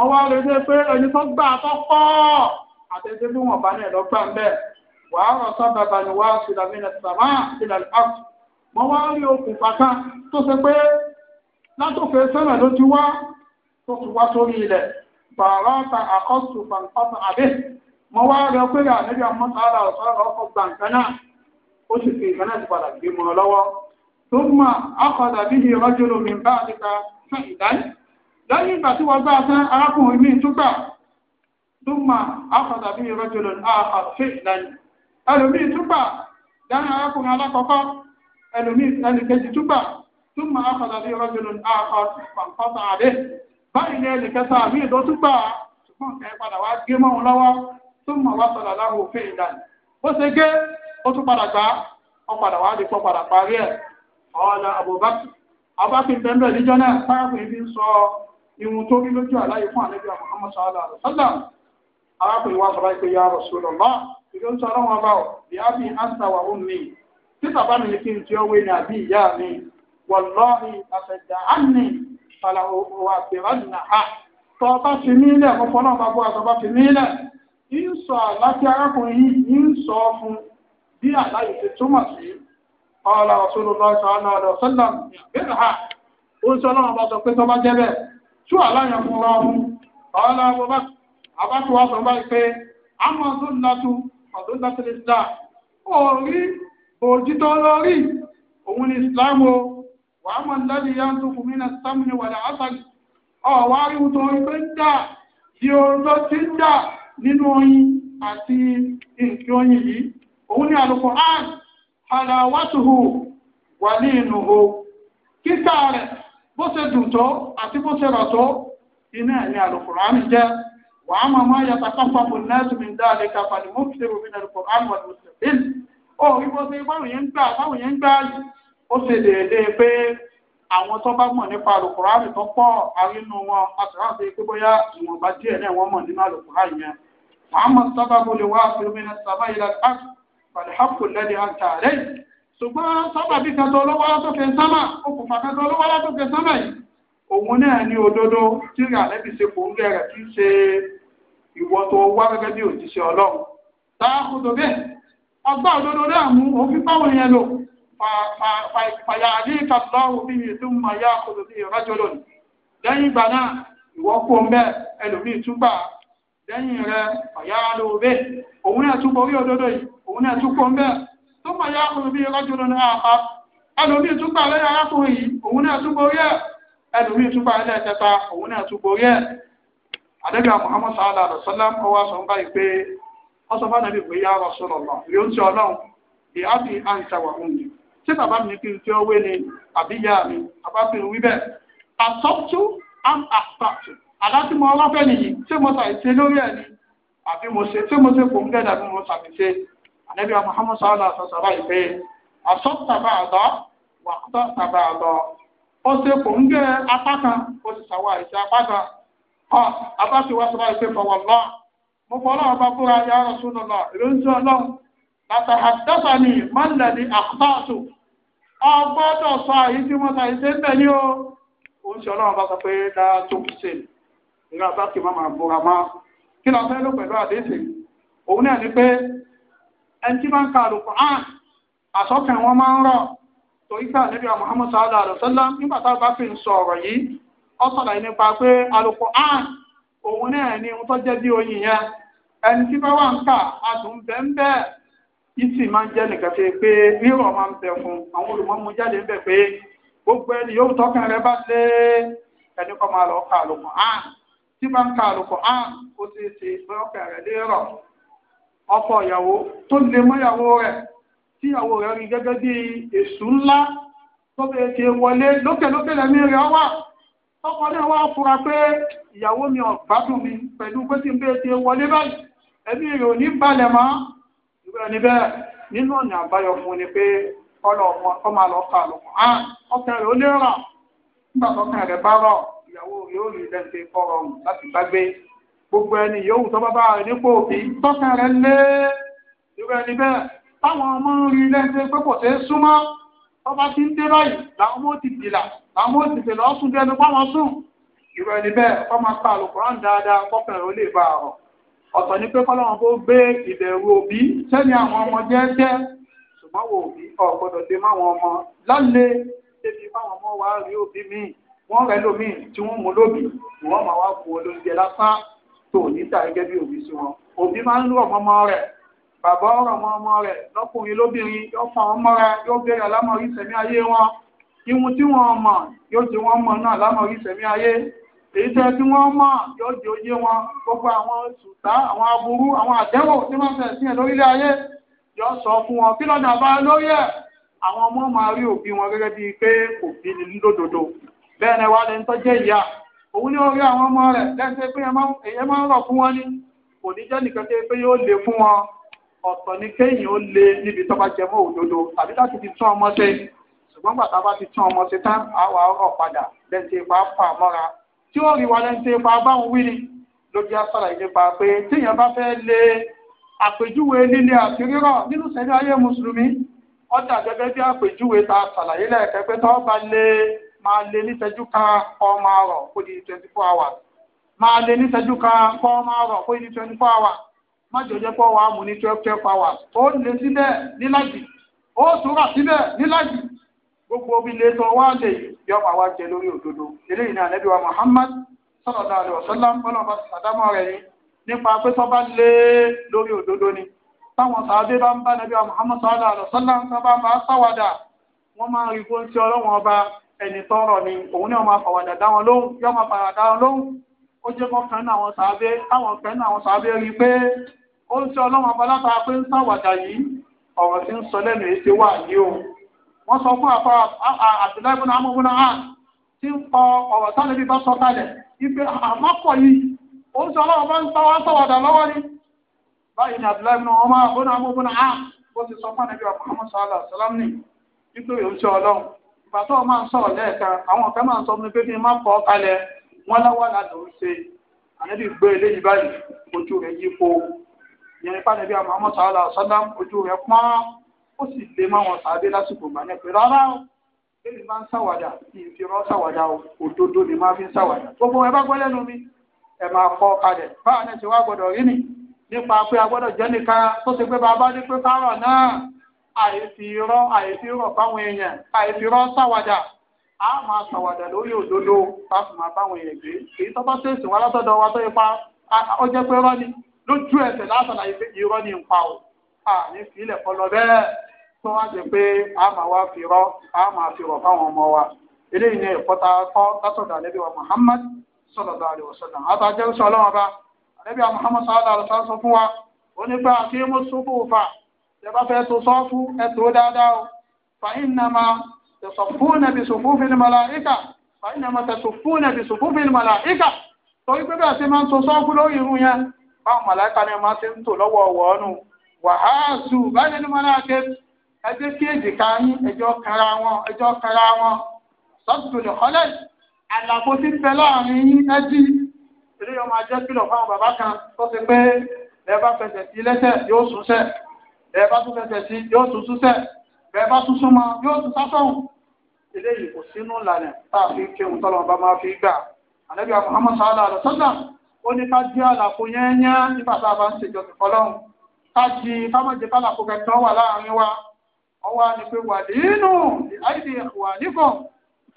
wọ́n wá lè dé pé ẹni tó gbà tó pọ̀ àtẹ̀jẹ́ bí wọ́n bá ní ẹ̀lọ́gbà ń bẹ̀ wàá rọ̀ sábàbà ni wàá sílà mí nàìjíríà sílà áàpù wọ́n wá rí okùnfà kan tó ṣe pé látòkè sẹ́nà ló ti wá tó ti wá sórí ilẹ̀ bàrọ̀ ta àkọ́sù fàǹkọ́sù àbí wọ́n wá rí ọpẹ́rẹ́ àníbi àmọ́sára ọ̀sọ́rọ̀ ọkọ̀ gbàǹkan náà ó sì fi ìkan lẹ́yìn ìgbà tí wọ́n gbá fẹ́ arákùnrin míì túgbà tó ma àkọ́dà bí rọ́jòlò àfẹ́ ìlànà ẹlòmíì túgbà lẹ́yìn arákùnrin alákọ̀ọ́kọ́ ẹlòmíì ẹnìkejì túgbà tó ma àkọ́dà bí rọ́jòlò àkọ́dà àdé báyìí ní ẹnìkẹta àmì ìdó túgbà ṣùgbọ́n kẹ́ padà wá gé mọ́ òun lọ́wọ́ tó ma wá sọ̀rọ̀ láwọn òfin ìlànà ó ṣe gé ó tún padà gbá ó padà wá lè pọ́ padà parí ẹ̀ ìwọ̀n tó rí lójú àláyé fún àlejò àwọn ọmọ sàálà rẹ̀ sọ́dà arákùnrin wa sọ báyìí pé ya Rasulullah ìlú ń sọ ọlọ́wọ́n bá ọ bí a fi àǹtà wà ó mi títà bá mi ní kí n ti ọwọ́ ní àbí ìyá mi wallahi àfẹ̀dà á ní fàlà òwò àpèrà nà á tọ́ bá fi mí lẹ̀ mo fọ́nà bá bọ́ àtọ́ bá sọ fún bí àláyé ti túmọ̀ sí ọ̀la Rasulullah tí wà láyàn fún wa fún ọ̀la ọba àbátú wa sọ báyìí pé àmọ́ tó ń latu ọ̀dọ́ láti lè dá orí òjítọ́ lórí òun ni Islam o wà á mọ̀ lẹ́yìn yá tó fún mi náà sámúni wà láásàlì ọ̀wá rí tó ń pé ń dà di ti ń dà nínú oyin àti nǹkan oyin yìí òun ni Al-Qur'an àlàwátùhù wà ní ìnùhò kíkà rẹ̀ bó ṣe dùn tó àti bó ṣe rọ̀ tó iná ẹ̀ ní àlùkùránì jẹ́ wàá máa máa yàtà káfàmù nẹ́ẹ̀sì mi dá àlè káfà ní mo fi ròmìnà àlùkùránì wà lóṣù bíi ó rí bó ṣe báwọn yẹn ń gbà báwọn yẹn ń gbà ó ṣe déédéé pé àwọn tó bá mọ̀ nípa àlùkùránì tó pọ̀ arínú wọn àtàràṣe pé bóyá ìwọ̀nba díẹ̀ náà wọ́n mọ̀ nínú àlùkùránì yẹn wàá máa sábà bó lè wá àfihàn mi náà sábà yìí ṣùgbọ́n sábàbí kan tó lọ́wọ́ látòkè sámà okùnfà kan tó lọ́wọ́ látòkè sámà yìí òun náà ní òdodo tí àlẹ́bí ṣe kò ń gẹ̀ rẹ̀ kí ṣe ìwọ tó wá gẹ́gẹ́ bí òjíṣẹ́ ọlọ́run táàkùtò bẹ́ẹ̀ ọgbà òdodo náà mú òfin báwọn yẹn lò fàyà àdéhìkà lọ́wọ́ bí ètò mayá àkùtò bí ìrọ́jọ́ lónìí lẹ́yìn ìgbà náà rẹ̀ fàyà àlò òun náà túbọ̀ orí òdodo yìí òun náà túbọ̀ ń tó pọ̀ yá ọmọ bíi rọ́jò lọ́nà àpá ẹlòmíì tún gbà lẹ́yìn arákùnrin yìí òun náà tún borí ẹ̀ ẹlòmíì tún gbà lẹ́yìn ẹ̀kẹta òun náà tún borí Muhammad sallallahu alaihi wasallam kọ́ wá sọ ń báyìí pé Rasulullah yóò ń ti ọlọ́run the happy and sour only ni àbí yá mi bàbá fi wí am àtàtù aláti mo ọlọ́fẹ́ nìyí ṣé mo ṣàìṣe lórí ẹ̀ ni àbí mo ṣe ṣé mo ṣe kò ń gẹ̀dà bí mo ṣàbíṣe ànábì wa muhammad sallallahu alaihi báyìí pé àṣọ tàbá àdọ́ wà tàbá àdọ́ ó ṣe kò ń apá kan ó sì àìsí apá kan ọ apá sì wá sọ báyìí pé fọwọ́ lọ mo fọ́ bá búra ya rasulullah èlò sọ ọlọ́run bàtà àdásà ni mọ́lẹ̀dì ọgbọ́dọ̀ sọ tí wọ́n ṣe ń bẹ̀ ní o ó ń ṣe ọlọ́run bá sọ pé dáa tó kì ẹni nke máa ń ka Al-Qur'an àsọkàn wọn máa ń rọ̀ torí pé ànábì Muhammad sallallahu alaihi wasallam bá fi ń sọ ọ̀rọ̀ yìí ó sọ̀rọ̀ yìí nípa pé Al-Qur'an òun náà ni ohun tó jẹ́ bí oyin yẹn ẹni tí bá wà ń kà á tún bẹ́ẹ̀ bẹ́ẹ̀ ìsì máa ń jẹ́ nìkan ọkọ ìyàwó tó lè mọ́yàwó rẹ̀ tí ìyàwó rẹ̀ rí gẹ́gẹ́ bí èṣù ńlá tó bẹ̀rẹ̀ ti wọlé lókèlókè lẹ́mí rẹ̀ wà ọkọ náà wá fura pé ìyàwó mi ò gbádùn mi pẹ̀lú pé tí n bẹ̀rẹ̀ ti wọlé báyìí ẹbí rẹ̀ ò ní balẹ̀ mọ́ ìgbà níbẹ̀ nínú ọ̀nà àbáyọ fún ni pé ọmọ àlọ́ kà lọ́kọ̀ á ọkẹ rẹ̀ ó lè rà nígbà tọkàn rẹ̀ bá rọ̀ ìyàwó rẹ̀ ó rí lẹ́ńtẹ̀ kọ́rọ̀ láti bá gbé gbogbo ẹni yòówù tó bá bá rẹ̀ nípò òbí tọ́kàn rẹ̀ lé irú ẹni bẹ́ẹ̀ táwọn ọmọ ń rí lẹ́sẹ̀ pé kò tẹ́ súnmọ́ tó bá ti ń dé báyìí làwọn ọmọ ti dìlà làwọn ọmọ ti tẹ̀lé ọ̀sùn bẹ́ẹ̀ ni páwọn sùn irú ẹni bẹ́ẹ̀ kọ́ máa ka àlùkùrán dáadáa kọ́kàn ó lè bá ọ̀rọ̀ ọ̀tọ̀ ni pé kọ́lọ́wọ́n kó gbé ìbẹ̀rù òbí sẹ́ni àwọn ọmọ jẹ́jẹ́ ṣùgbọ́n wo òbí ọ̀gbọ́dọ̀ dé máwọn ọmọ wa rí òbí míì wọ́n rẹ̀ lómi tí wọ́n mú lóbi wọ́n tó ní ta gẹ́gẹ́ bí òbí sí wọn òbí máa ń rọ̀ mọ́mọ́ rẹ̀ bàbá ọ̀rọ̀ mọ́mọ́ rẹ̀ lọ́kùnrin lóbìnrin yóò fọ àwọn ọmọ rẹ̀ yóò béèrè alámọ̀rí sẹ̀mí ayé wọn ihun tí wọ́n mọ̀ yóò jẹ́ wọ́n mọ̀ náà alámọ̀rí sẹ̀mí ayé èyí tẹ́ tí wọ́n mọ̀ wọn gbogbo àwọn sùtá àwọn aburú àwọn àdẹ́wò tí wọ́n fẹ́ sí ẹ̀ lórílẹ̀ ayé yóò sọ fún wọn kí lọ́dà bá lórí ọmọ máa rí òbí wọn gẹ́gẹ́ bíi pé òbí ni bẹ́ẹ̀ ni wàá òun ní orí àwọn ọmọ rẹ̀ lẹ́sẹ̀ pé èyẹ máa ń rọ̀ fún wọn ní kò ní jẹ́ nìkan tẹ́ pé yóò le fún wọn ọ̀tọ̀ ní kéyìn ó le níbi tó bá jẹ mọ́ òdodo tàbí láti fi tún ọmọ ṣe ṣùgbọ́n bàtà bá ti tún ọmọ ṣe tán àwa ọ̀rọ̀ padà lẹ́sẹ̀ ipa fà mọ́ra tí ó rí wa lẹ́sẹ̀ ipa báwọn wí ni lójú afárá yìí nípa pé téèyàn bá fẹ́ lé àpèjúwe líle àti rírọ̀ nínú sẹ́ni ayé mùsùlùmí ọjà gẹ́gẹ́ bí àpèjúwe ta ṣàlàyé lẹ́ẹ̀kẹ́ pé tọ́ bá lé máa le níṣẹ́jú kan kọ́ máa rọ̀ kó di twenty four hours máa lé 24 kan kọ́ máa rọ̀ kó di twenty four hours má jòjẹ́ pọ̀ wàá mú ní twelve twelve hours ó gbogbo omi lè tọ́ wá lè yọ máa wá jẹ lórí òdodo eléyìí náà nẹ́bí wa Muhammad sàdámọ́ ni nípa pé tọ́ ni táwọn bá ń bá wa Muhammad ẹni tọrọ ni òun náà máa fàwàdà dá wọn lóhùn yóò máa fàwàdà dá wọn lóhùn ó jẹ́ kọ́kàn náà àwọn sàábé táwọn fẹ́ náà àwọn sàábé rí i pé ó ń sọ ọlọ́run abaláta pé ń sàwàdà yìí ọ̀rọ̀ tí ń sọ lẹ́nu èyí ti wà ní o wọ́n sọ fún àpá Abdullahi ibn Amr ibn As tí ń kọ ọ̀rọ̀ sáré bí bá sọ kalẹ̀ ipe àmọ́pọ̀ ní pàtó ọ máa ń sọ̀rọ̀ lẹ́ẹ̀ka àwọn kan máa ń sọ fún mi pé kí n má kọ́ kalẹ̀ wọ́n láwà ládò ń ṣe ànábì gbé eléyìí báyìí ojú rẹ̀ yí po ìyẹn nípa níbi àwọn ọmọ sàálà sọ́dá ojú rẹ̀ pọ́n ó sì lè má wọn sàádé lásìkò gbà ní pé rárá o èmi máa ń sàwàdà kí n fi rán sàwàdà o òdodo ni máa fi ń sàwàdà gbogbo ẹ bá gbọ́ lẹ́nu mi ẹ máa kọ́ kalẹ̀ báwọn ẹ̀ ti wá gbọ́dọ̀ rí nì nípa pé a gbọ́dọ̀ jẹ́ nìkan tó ṣe pé bàbá ní pé kárọ̀ náà àìfi irọ́ fáwọn èèyàn àìfi irọ́ a máa ṣàwàdà lórí òdodo láti báwọn èèyàn gbé èyí tó bá ṣèṣì wá látọ̀dọ̀ wa tó ipa ó jẹ́ pé irọ́ ni lójú ẹsẹ̀ látọ̀dọ̀ ni o a ní kọlọ bẹ́ẹ̀ tó wá jẹ pé a máa wá fi a máa fi fáwọn ọmọ wa eléyìí ni ẹ̀kọ́ ta kọ́ látọ̀dọ̀ wa Muhammad sallallahu alaihi àtàjẹ́ sọ bá àlẹ́bí Muhammad sallallahu alaihi fún wa ó tẹ́bá fẹ́ tó sọ́ọ̀fù ẹ tó dáadáa o fàyín nàmà tẹ̀sọ̀fún nàbì sòfófin ní màláìkà fàyín nàmà tẹ̀sọ̀fún nàbì sòfófin ní màláìkà torí pé bẹ́ẹ̀ ṣe máa ń tó sọ́ọ̀fù lórí irun yẹn báwọn màláìkà ni máa ti ń tò lọ́wọ́ wọ̀ọ́nù wàhásù báyìí ọmọ ajẹ́ kìlọ̀ fáwọn bàbá kan tó ti pé ẹ bá fẹsẹ̀ sí lẹ́sẹ̀ yóò sún bẹ́ẹ̀ bá tún fẹsẹ̀ sí yóò tún súnṣẹ́ bẹ́ẹ̀ bá tún súnmọ́ yóò tún sásọ̀hún eléyìí kò sínú ìlànà tá a fi kéwù tọ́lọ̀ bá máa fi gbà ànábì Muhammad sallallahu alaihi wasallam ó ní ká jí àlàfo yẹ́nyẹ́ nígbà tá a bá ń ṣèjọ sí fọlọ́hún ká jí ká má jẹ kálàfo kẹkẹ wà láàrin wa ọwọ́ ni pé wà nínú àìdí wà níkan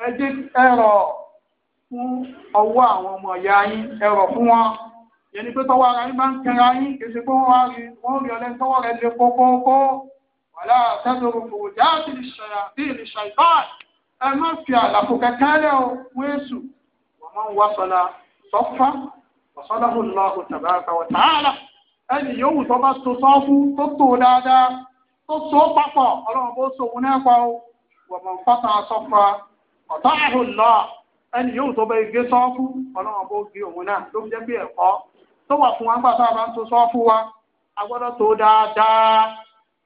ẹ jẹ́ ẹ̀rọ fún ọwọ́ àwọn ọmọ ìyá yín ẹ̀rọ fún wọn yẹni pé tọwọ́ ara yín bá ń kẹra yín kèsì pé wọ́n rí wọ́n rí ọlẹ́ tọwọ́ rẹ̀ lè kókóókó wàlá àtẹ́tòrò kòwò jáàtì ìlú ṣàìbáàd ẹ má fi àlàfo kẹ̀kẹ́ lẹ́ o wọ́n èsù wọ́n máa ń wá sọ́la sọ́fà ọ̀sọ́dọ̀ Allahu tabaraka wa ta'ala ẹni yòówù tó bá so sọ́ọ̀fù tó tó dáadáa tó so papọ̀ ọlọ́run bó so tó wà fún wa nígbà tá a bá ń tó sọ fún wa a gbọ́dọ̀ tó dáadáa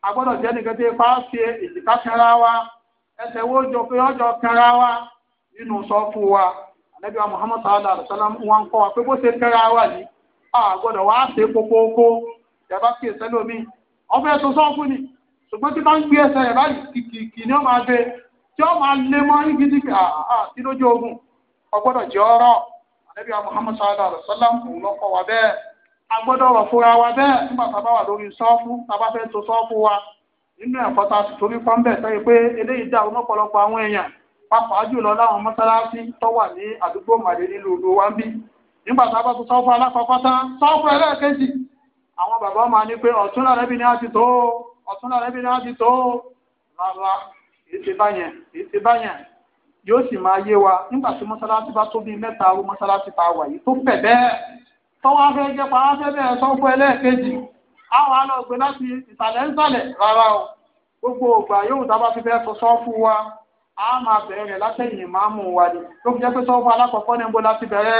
a jẹ́ nìkan tí ipa ṣe èjìká wa ẹsẹ̀ wo jọ pé ọjọ́ wa nínú sọ fún wa ànábì Muhammad sallallahu alaihi wa sallam wa pé bó ṣe wa yìí a gbọ́dọ̀ wá ṣe kókóókó yàrá kí ẹsẹ̀ ni ṣùgbọ́n tí bá ń gbé ẹsẹ̀ kìkìkì ni ó máa gbé tí ó máa lé mọ́ ànábì wa Muhammad sallallahu alaihi wa sallam òun ló kọ́ wa bẹ́ẹ̀ a gbọ́dọ̀ wà fúnra wa a bá wà lórí sọ́ọ̀fù tá a bá to wa nínú ẹ̀kọ́ tá a sì torí pọ́n bẹ́ẹ̀ sẹ́yìn pé eléyìí dá òun àwọn èèyàn pàápàá jùlọ láwọn mọ́sálásí wa ń bí nígbà tá a bá to tán àwọn bàbá máa ní pé a yóò sì máa yé wa nígbà tí mọ́sálásí bá tó bíi mẹ́ta arú mọ́sálásí ta wà yìí tó fẹ̀ bẹ́ẹ̀ tọ́wọ́ afẹ́ jẹ́ pa afẹ́ bẹ́ẹ̀ sọ fún ẹlẹ́ẹ̀kejì àwọn alọ́gbẹ́ láti ìsàlẹ̀ ńsàlẹ̀ rárá o gbogbo ògbà yóò dábàá fi fẹ́ sọ sọ́ọ̀fù wa a máa bẹ̀rẹ̀ látẹ̀yìn ìmáàmù wa ni ló fi jẹ́ pé sọ́ọ̀fù alákọ̀ọ́kọ́ ní gbó láti bẹ̀rẹ̀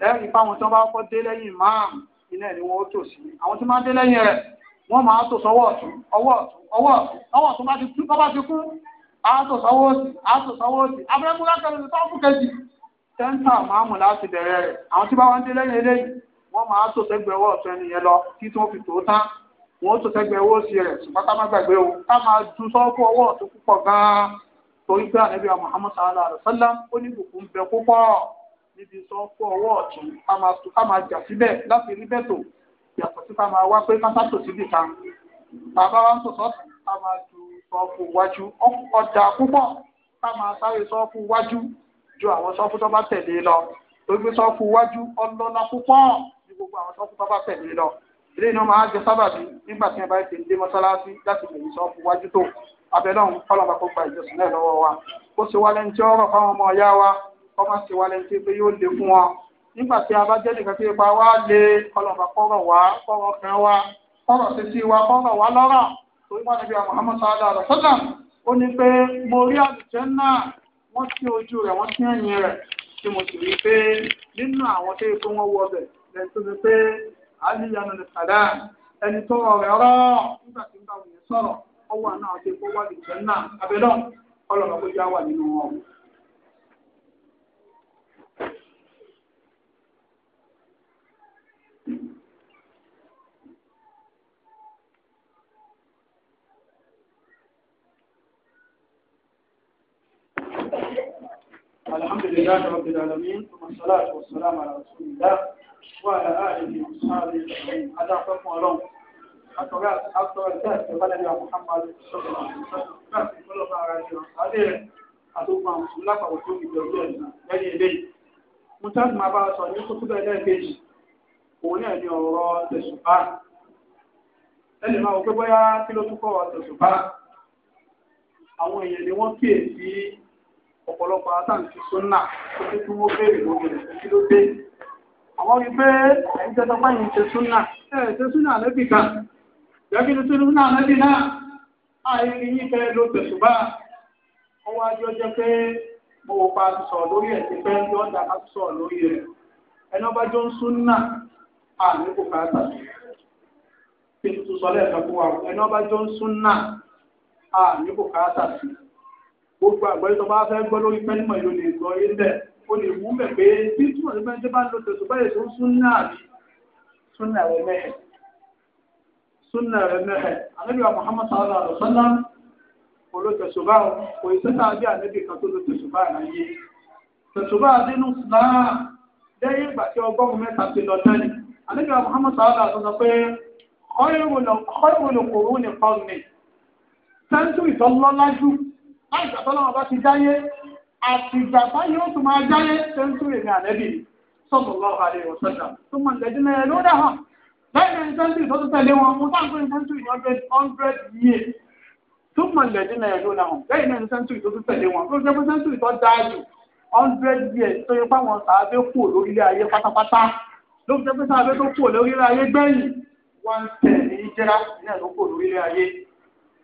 rẹ̀ ẹ̀rí fáwọn tí wọ́n bá kọ́ dé lẹ́yìn ìmáàmù iná ẹ̀ ni wọ́n tò sí àwọn tí máa dé lẹ́yìn rẹ̀ wọ́n máa tò sọ́wọ́ ọ̀tún ọ̀tún ọwọ́ ọ̀tún ọwọ́ ọ̀tún bá ti kú aṣọ sanwó sí aṣọ sanwó sí abẹ́rẹ́mú lákẹ́lẹ́ tó fún kejì tẹ́ńtà máa mú láti bẹ̀rẹ̀ rẹ̀ àwọn tí bá wá ń dé lẹ́yìn eléyìí wọ́n máa tó sẹ́gbẹ̀ẹ́ ọwọ́ ọ̀tún ẹni yẹn lọ kí tó fi tó tán wọ́n tó sẹ́gbẹ̀ẹ́ owó sí rẹ̀ ṣùgbọ́n má gbàgbé o ká máa ju sọ́ọ́kú ọwọ́ ọ̀tún púpọ̀ gan-an torí pé ànábì Muhammad sallallahu alaihi rí pé ká sátò sọ́ọ̀fù wájú ọ̀dà púpọ̀ ká sáré sọ́ọ̀fù wájú ju àwọn sọ́ọ̀fù tó bá tẹ̀lé lọ torí pé sọ́ọ̀fù wájú ọlọ́lá púpọ̀ ní gbogbo àwọn sọ́ọ̀fù tó bá tẹ̀lé lọ ilé iná máa jẹ sábàbí nígbà tí wọn bá ti ń dé mọ́sálásí láti lè sọ fún wájú tó abẹ́lọ́hún kọ́lọ́mà kó gba ìjọsìn náà lọ́wọ́ wa ó ṣe wálé ní tí ọ̀rọ̀ fáwọn ọmọ ọ̀yá wa kọ́ máa ṣe wálé ní tí pé yóò lè fún wọn nígbà tí a bá jẹ́ nìkan tí ipa wa lè kọ́lọ́mà kọ́rọ̀ wá kọ́rọ̀ kan wa kọ́rọ̀ sí sí wa kọ́rọ̀ wá lọ́rọ̀ torí wọn níbi Muhammad sallallahu alaihi wasallam ó ní pé mo rí àlùjánnà wọ́n sí ojú rẹ̀ wọ́n sí ẹ̀yìn rẹ̀ tí mo sì rí pé nínú àwọn tó yẹ kó wọ́n wọ bẹ̀ lẹ́yìn tó fi pé aliyanu ní sàdá ẹni tó ọ̀rẹ́ ọ̀rọ̀ nígbà tí ń bá wọn sọ̀rọ̀ ọwọ́ àná àti epo wà lùjánnà abẹ́lọ́ ọlọ́run kó já wà nínú wọn. الحمد لله رب العالمين والصلاة والسلام على رسول الله وعلى آله وصحبه أجمعين هذا حكم ولوم أتوقع أكثر الكاتب بلد محمد صلى الله عليه وسلم كاتب كل ما رأيته هذه أتوقع مسلمة وجود الدولة بني إليه mutane máa bá a sọ ní kótóbá ẹlẹ́ẹ̀kejì òun náà ní ọ̀rọ̀ tẹ̀sùbá ẹnì máa wò pé bóyá kí ló tún kọ́ tẹ̀sùbá àwọn èèyàn ni wọ́n kíyèsí ọ̀pọ̀lọpọ̀ àtàǹtì sọ́nà tó ti tún wọ́n béèrè lórí rẹ̀ ló dé. àwọn rí pé ẹ̀yìn tẹ́tọ́ fáyìn ṣe sọ́nà kan jẹ́bí ní sọ́nà lẹ́bì náà ààyè yìí fẹ́ ló tẹ̀sùbá ọwọ́ ajé ọjọ́ pé mo wò pa sọ lórí ẹ̀ jọ ń kò ká gbogbo àgbáyé tó bá fẹ́ gbọ́ lórí pẹ́lúmọ̀ ìlú lè gbọ́ yé bẹ́ẹ̀ o lè mú bẹ̀ pé bí túmọ̀ sí pẹ́ńtẹ́ bá ń lo tẹ̀sùn báyìí tó súnà súnà rẹ̀ mẹ́hẹ̀ súnà rẹ̀ mẹ́hẹ̀ wa Muhammad sallallahu alaihi wa sallam tẹ̀sùn kò sẹ́ta bí kan tó lo tẹ̀sùn bá láì ìgbàtọ́lọ́wọ́ bá ti jáyé àti ìgbàtá yóò tún máa jáyé sẹ́ńtúrì ní àlẹ́bí sallallahu alaihi wasallam tó mọ̀ lẹ́dí náà ló dà hàn lẹ́yìn ní sẹ́ńtúrì tó tún tẹ̀lé wọn mo bá ń pè ní sẹ́ńtúrì hundred years tó mọ̀ lẹ́dí náà ló dà hàn lẹ́yìn ní sẹ́ńtúrì tó tún tẹ̀lé wọn tó jẹ́ pé sẹ́ńtúrì tó dáa hundred years tó yẹ fáwọn sàábé kù lórílẹ̀ ayé pátápátá ló jẹ́ pé sàábé tó kù lórílẹ̀ ayé gbẹ̀yìn one ten ní ìjẹ́ra ìnáà ló kù lórílẹ̀ ayé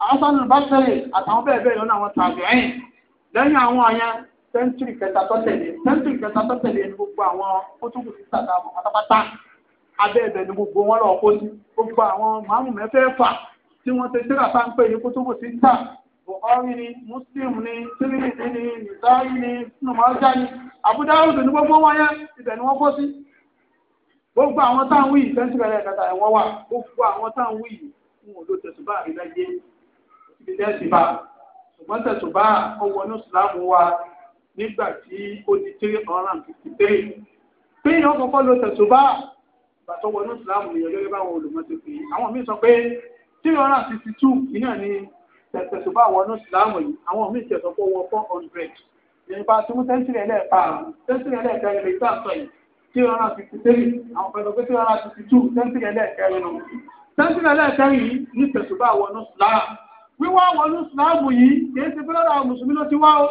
Hasan al-Basri àtàwọn bẹ́ẹ̀ bẹ́ẹ̀ lọ́nà àwọn tàbíyìn lẹ́yìn àwọn àyẹn sẹ́ńtúrì kẹta tó tẹ̀lé sẹ́ńtúrì kẹta tó tẹ̀lé ní gbogbo àwọn kótókù sí tàdá àwọn pátápátá abẹ́ẹ̀bẹ̀ ní gbogbo wọn lọ kó sí gbogbo àwọn màmú mẹ́fẹ̀ẹ̀fà tí wọ́n ti síra tá ń pè ní kótókù sí tà Bukhari ni Muslim ni Tirmidhi ni Nisa'i ni numaja ni Abu Dawud ní gbogbo wọn yẹn ibẹ̀ ni wọ́n kó sí gbogbo àwọn táwọn yìí sẹ́ńtúrì kẹta ẹ̀wọ̀n wà gbogbo àwọn táwọn yìí wọn ò lò tẹ̀sùbá àrídájé ìdílé ìbá ṣùgbọ́n tẹ̀sùbá ó wọnú ìsìláàmù wa nígbà tí ó di three hundred and fifty three pé ìyá ọkọ̀ọ̀kọ́ lo tẹ̀sùbá ìgbà tó wọnú ìsìláàmù nìyẹn gẹ́gẹ́ báwọn olùmọ̀ ti pè é àwọn míì sọ pé three hundred and sixty two ìyá ni tẹ̀sùbá wọnú ìsìláàmù yìí àwọn míì tẹ̀sọ̀ pé wọ four hundred nípa tí wọ́n tẹ́sílẹ̀ ẹlẹ́ẹ̀ka tẹ́sílẹ̀ ẹlẹ́ẹ̀ka ilẹ̀ ìtàsọ̀ yìí three hundred and fifty three àwọn pẹ̀lú pé three hundred and sixty two tẹ́sílẹ̀ ẹlẹ́ẹ̀ka ẹlẹ́nu tẹ́sílẹ̀ ẹlẹ́ẹ̀ka yìí ní tẹ̀sùbá wọnú ìsìláàmù wíwá wọnú ìsìláàmù yìí kìí ṣe fẹ́lẹ́ àwọn mùsùlùmí ló ti wá o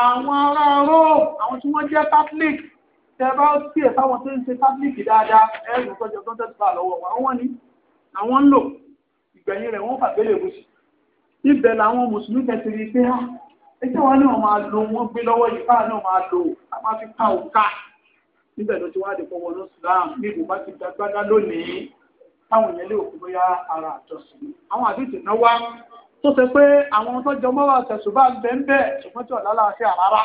àwọn ará rome àwọn tí wọ́n jẹ́ catholic tẹ bá sí ẹ̀ fáwọn tó ń ṣe catholic dáadáa ẹ̀rù tọ́jú tó ń tẹ́tí bá lọ́wọ́ wọn wọ́n ní àwọn ń lò ìgbẹ̀yìn rẹ̀ wọ́n fàgbélé gùsì ibẹ̀ làwọn mùsùlùmí tẹ̀sí rí pé á ah, ẹjẹ́ wa náà máa lo wọ́n gbé lọ́wọ́ yìí báà náà máa lo a máa fi ká òǹkà níbẹ̀ ló ti wá dé fọwọ́ náà ara àjọsìn àwọn àdéhùn náà tó ṣe pé àwọn tó jọ mọ́wà tẹ̀sùn bá ń bẹ ń bẹ̀ ṣùgbọ́n tí ọ̀la láàfin àrárá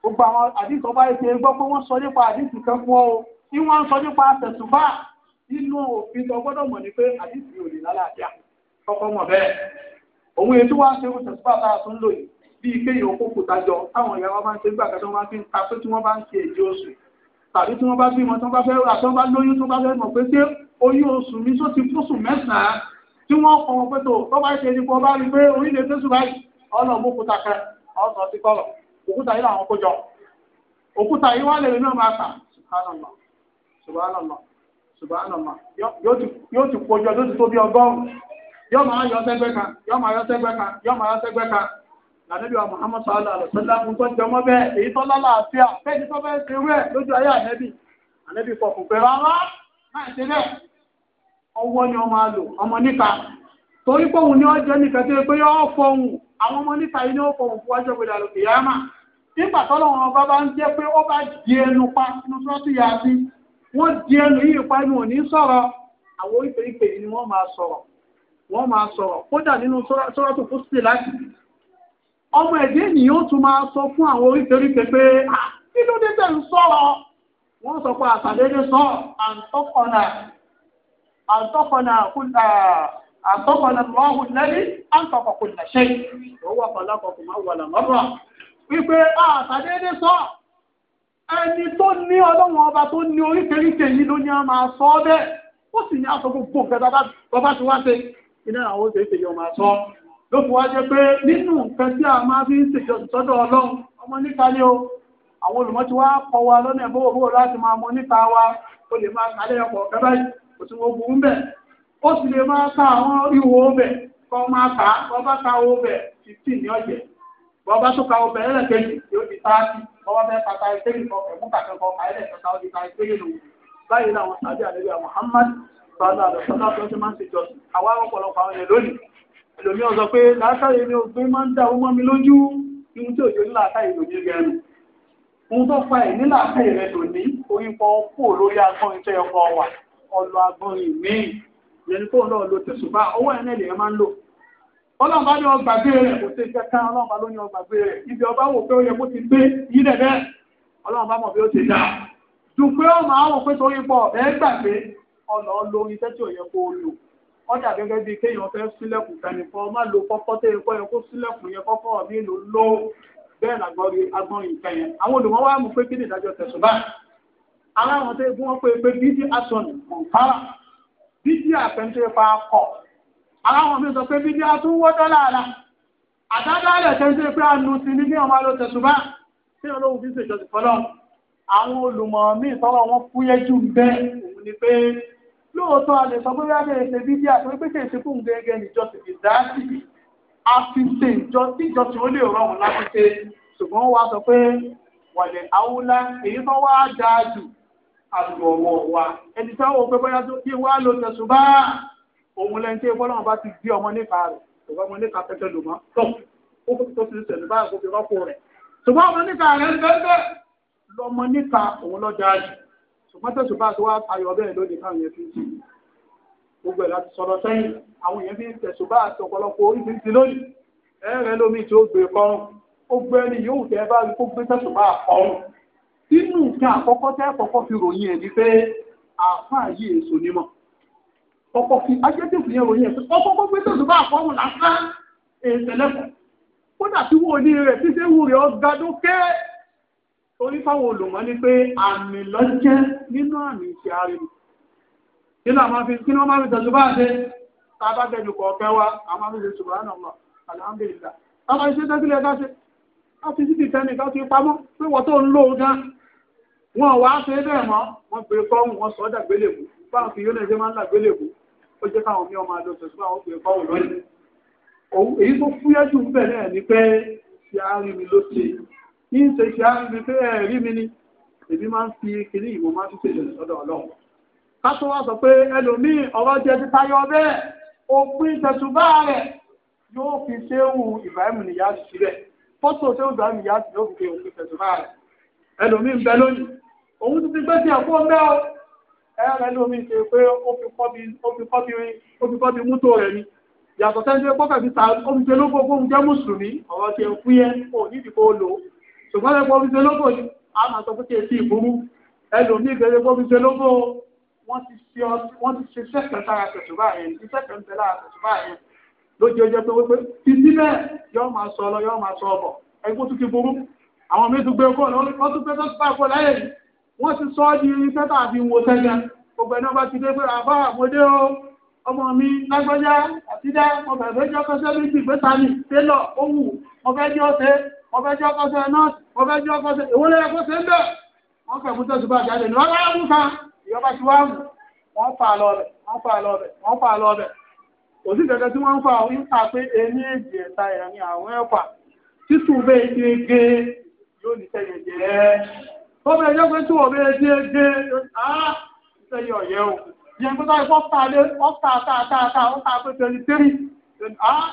gbogbo àwọn àdìsọ bá ṣe gbọ́ pé wọ́n sọ nípa àdìsí kan fún ọ tí wọ́n ń sọ nípa tẹ̀sùn bá nínú òfin tó gbọ́dọ̀ mọ̀ ní pé àdìsí ò lè lálàáfíà kọ́kọ́ mọ̀ bẹ́ẹ̀ òun èyí tó wá ṣe irú tẹ̀sùn bá tá a tún lò yìí bí ike yìí òkú kò tajọ táwọn ìyá wa máa ń ṣe nígbà kan tó máa fi ń ta pé tí wọ́n bá ń ṣe èdè oṣù tàbí tí wọ́n bá bímọ tí wọ́n bá fẹ́ rà tí wọ́n bá lóyún tí wọ́n bá fẹ́ mọ̀ pé ṣé oyún oṣù mi tó ti fúnṣù mẹ́sàn-án tí wọ́n kọ̀ wọn pé tó tó bá ṣe nípa ọba rí pé orílẹ̀ jésù báyìí ọ̀nà òkúta kan ọ̀sán sí kọ̀rọ̀ òkúta yìí làwọn kó òkúta yìí wọ́n lè rí náà máa tà yóò ti tó bí ọgọ́rùn yóò máa yọ sẹ́gbẹ́ kan yóò máa yọ sẹ́gbẹ́ kan yóò máa yọ sẹ́gbẹ́ kan lànàbíwá bẹ́ẹ̀ èyí tó tó ṣe lójú ayé ọwọ́ ni ọmọ àlò ọmọ níta torí pé òun ni ọjọ́ nìkan tó yẹ pé yọ fọhùn àwọn ọmọ níta yìí ni ó fọhùn fún ọjọ́ gbèdà lòkè yá mà nígbà tọ́lọ́wọ́n ọba bá ń pé ó bá di ẹnu pa inú sọ́ọ̀tì yá sí wọ́n di ẹnu yìí pa inú òní sọ̀rọ̀ àwọn ni wọ́n máa sọ̀rọ̀ wọ́n máa sọ̀rọ̀ kódà nínú ọmọ ẹ̀dẹ́ ó sọ fún àwọn pé kí ló dé tẹ̀ ń sọ̀rọ̀ wọ́n sọ أنطقنا كل أنطقنا الله الذي أنطق كل شيء وهو خلقكم أول مرة wípé àtàdédé sọ ẹni tó ní ọlọ́run ọba tó ní yìí a máa sọ ọ́ bẹ́ẹ̀ ó sì ní aṣọ gbogbo nǹkan bàbá ti wá ṣe iná àwọn máa sọ ló fi pé nínú nǹkan tí a máa fi ń ṣèjọ sọ́dọ̀ ọlọ́run ọmọ níta ni o àwọn wa láti máa mọ níta wa o lè máa kò tí wọ́n burú bẹ̀ ó sì lè máa ta àwọn ìwò bẹ̀ kọ́ máa ta bọ́ bá ta owó bẹ̀ fifteen ní ọ̀jẹ̀ bọ́ bá tó ka ọbẹ̀ ẹlẹ́kẹ̀jì yóò di táàtì bọ́ bá fẹ́ pata ẹgbẹ́rì kọkẹ̀ mú kàkẹ́ kọkà ẹlẹ́kẹ̀ta ó di ta ẹgbẹ́rì lò báyìí làwọn sàbí àlejò Muhammad sọ́dọ̀ àlọ́sọ́dọ̀ tó ti máa ń ṣe jọ́sìn àwa ọ̀pọ̀lọpọ̀ àwọn èèyàn lónìí ẹlòmí ọ̀sọ̀ pé látàrí mi ò gbé máa ọlọ agbọ́nrin míì yẹni kó náà lo tẹ̀sùbá owó ẹ̀ náà lè máa ń lò ọlọ́run ní ọgbàgbé rẹ̀ kò sí kẹ́kẹ́ ọlọ́run bá ló ní ọgbàgbé rẹ̀ ibi ọba wò pé ó ti gbé yí dẹ̀dẹ̀ ọlọ́run mọ̀ bí ó ti dà jù pé ó máa wò pé pọ̀ gbàgbé ọ̀nà iṣẹ́ tí ò yẹ kó lò ọjà gẹ́gẹ́ bíi kéèyàn fẹ́ sílẹ̀kùn má lo kọ́kọ́ tó yẹ kó yẹ kó sílẹ̀kùn haram bíbí àpẹntó ipa kọ aláwọn mi sọ pé bíbí a tún wọ́tọ́ láàlá àdájọ́ àlẹ̀ tẹ́ńtó ipa nu ti ní bí ọmọ alóòtẹ̀ tó bá tí olóhùn fi ṣèjọsìn fọlọ́ àwọn olùmọ̀ míì tọrọ wọn fúyẹ́ jù bẹ́ẹ̀ òun ni pé lóòótọ́ a lè sọ pé wíwájú ẹ̀ṣẹ̀ bíbí àti wípé kì í ṣe fún gẹ́gẹ́ níjọsìn ìdásí a fi ṣe ìjọsìn ó lè rọrùn láti ṣe ṣùgbọ́n wá sọ pé wọ̀lẹ̀ àwùlá èyí tó wá dáa jù àgbọ̀wọ̀ wa ẹni táwọn òpin bóyá tó kí wá ló tẹ̀sùn bá òun lẹ́ni tí ìfọ́nà bá ti gbé ọmọ nípa rẹ̀ kò bá ọmọ nípa pẹ́kẹ́ lò mọ́ tó ó fi tó fi sẹ̀lú bá àgbò fi rọ́pò rẹ̀ ṣùgbọ́n ọmọ nípa rẹ̀ ń bẹ́ẹ̀ lọmọ nípa òun lọ́jà jù ṣùgbọ́n tẹ̀sùn bá ti wá ayọ̀ bẹ́ẹ̀ lónìí káwọn yẹn fi ń sìn gbogbo ẹ̀ láti sọ̀rọ̀ sẹ́yìn àwọn èèyàn fi ń tẹ̀sùn bá àti ọ̀pọ̀lọpọ̀ oríṣiríṣi lónìí ẹ̀rẹ́ lómi tí ó gbé kọ́rùn ó gbé ẹni yóò tẹ́ bá rí kó gbé tẹ̀sùn bá àkọ́rùn nínú nǹkan àkọ́kọ́ tẹ́ kọ́kọ́ fi ròyìn ẹ̀ ní pé àáfàá yìí èso nímọ̀ kọ́kọ́ fi ajẹ́tẹ̀fù yẹn ròyìn ẹ̀ pé kọ́kọ́ gbé tòṣù bá àfọ́hùn lásán èsẹ̀lẹ́kọ̀ọ́ kódà tí wọ́n ní rẹ̀ tí sẹ́wù rẹ̀ ọgbà dókè torí fáwọn olùmọ̀ ní pé àmì lọ́jẹ́ nínú àmì ìṣe ariwo nínú àwọn afi kí ni wọ́n máa fi tòṣù bá ṣe tá a bá gẹ̀jù kọ̀ọ̀kẹ́ wa àwọn afi ṣe ṣùgbọ́n àná alhamdulillah wọn wá ṣe bẹ́ẹ̀ mọ́ wọn pè kọ́hùn wọn sọ dàgbélébù báwọn fi yónà ṣe máa ń dàgbélébù ó jẹ́ káwọn mí ọmọ àdó sọ̀tún báwọn pè kọ́hùn lọ́yìn èyí tó fúyẹ́ jù ń bẹ̀ náà ni pé ṣe á rí mi ló ṣe kí n ṣe ṣe á rí mi pé ẹ rí mi ni èmi máa ń fi kinní ìwọ máa fi ṣèṣe lọ́dọ̀ ọlọ́run ká tó wá sọ pé ẹlòmíì ọ̀rọ̀ jẹ ti tayọ bẹ́ẹ̀ òpin ìtẹ̀sùbá rẹ̀ yóò fi ṣéwù ìbámu nìyá sílẹ̀ fọ́tò ṣéwù ìbámu nìyá sílẹ̀ yóò fi ṣe òpin rẹ̀ ẹlòmíì ń bẹ lónìí òun ti ti gbé sí àpò ọmọ ọ ẹ̀rẹ́ lómi ṣe pé ó fi kọ́ bí mútó rẹ̀ ni yàtọ̀ sẹ́ńtẹ́ pọ́kà ti ta omiṣe lóko fún oúnjẹ mùsùlùmí ọ̀rọ̀ ti ẹ̀kú yẹn kò nídìí kó lò ṣùgbọ́n ẹ̀kọ́ omiṣe lóko ni a máa sọ pé kí èsì ìbúrú ẹlòmíì gẹ́gẹ́ bó omiṣe lóko wọ́n ti ṣe sẹ́kẹ̀ sára tẹ̀sùbá yẹn ti sẹ́kẹ̀ ń bẹ lára tẹ̀sùbá yẹn lójú ọjọ́ pé wípé ti sí bẹ́ẹ̀ yọ́ máa sọ lọ yọ́ máa sọ ọbọ̀ ẹgbẹ́ tó ti burú àwọn mi tún gbé kó lọ́wọ́ wọ́n ti sọ ọ́ di irinṣẹ́ tàbí wo sẹ́gẹ̀ gbogbo ẹ̀nà bá ti dé pé àbá àmọ́dé o ọmọ mi lágbájá àtidá mo bẹ̀rẹ̀ jẹ́ kọ́sẹ́ méjì gbéta ní télọ̀ owó mo fẹ́ jẹ́ ọ̀sẹ̀ mo fẹ́ jẹ́ ọkọ̀sẹ̀ náà mo fẹ́ jẹ́ ọkọ̀sẹ̀ èwo lẹ́yẹ kó ṣe ń bẹ̀ wọ́n kẹ̀ fún tẹ̀sùbà jáde ní wọ́n bá mú kan ìjọba ti wá mú wọ́n fà lọ rẹ̀ wọ́n fà lọ rẹ̀ wọ́n fà lọ rẹ̀ kò sí kẹ̀kẹ́ tí wọ́n ń fà ó ń ta pé ẹni èjì ẹ̀ta ìrìn àwọn ẹ̀fà títù bẹ́ẹ̀ gẹ́gẹ́ yóò ní sẹ́yìn jẹ́ Bọ́mọ ẹjọ́ pé tí wọ́n bẹ́ẹ̀ dé dé áá ìṣẹ́yìn ọ̀yẹ́ o. Yẹn tó táyé fọ́ ta lé ọ́ta ta ta ta ọ́ta pé tẹ̀lé tẹ́rì áá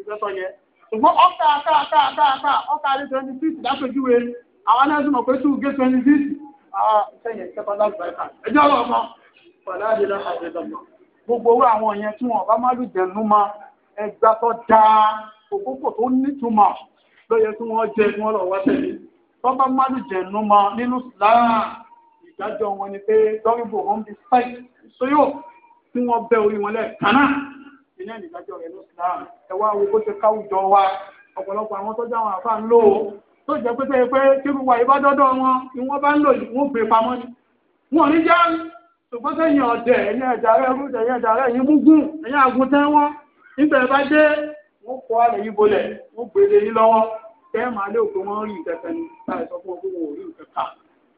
ìṣẹ́ sọ yẹn. Ṣùgbọ́n ọ́ta ta ta ta ta ọ́ta lé twenty six lápèjúwe àwọn náà sì mọ̀ pé two gate twenty six áá ìṣẹ́yìn secondary barrister ẹjọ́ lọ mọ́ pẹ̀lú àdínà àdínà gbogbo owó àwọn yẹn tí wọn bá má lù jẹnu mọ ẹgbàá tó dáa òkókò tó nítumọ̀ ló yẹ kí wọ́n tọ́ba málùjẹ̀nu mọ nínú sùláà ìdájọ́ wọn ni pé dọ́rìbò wọn bí fáì sóyò tí wọ́n bẹ́ orí wọn lẹ́ẹ̀kan náà iná ìdájọ́ rẹ̀ ló sùláà ẹ wá wo bó ṣe káwùjọ wa ọ̀pọ̀lọpọ̀ àwọn tọ́jú àwọn àfáà ń lò ó tó jẹ́ pé tẹ́yẹ pé kíru wa ìbá dọ́dọ̀ wọn ni wọ́n bá ń lò yìí wọ́n gbé pamọ́ ni wọn ò ní já ṣùgbọ́n sẹ́yìn ọ̀dẹ̀ ẹ̀yìn ẹ̀dà rẹ̀ rúdẹ̀ ẹ̀yìn ẹ̀dà rẹ̀ yín gúngún ẹ̀yìn àgùntàn wọn nígbà ẹ bá dé wọ́n kọ́ àlẹ́ tẹ́ẹ̀mù alẹ́ òkú wọn rí ìkẹta ni láì sọ fún ọkọ wọn ò rí ìkẹta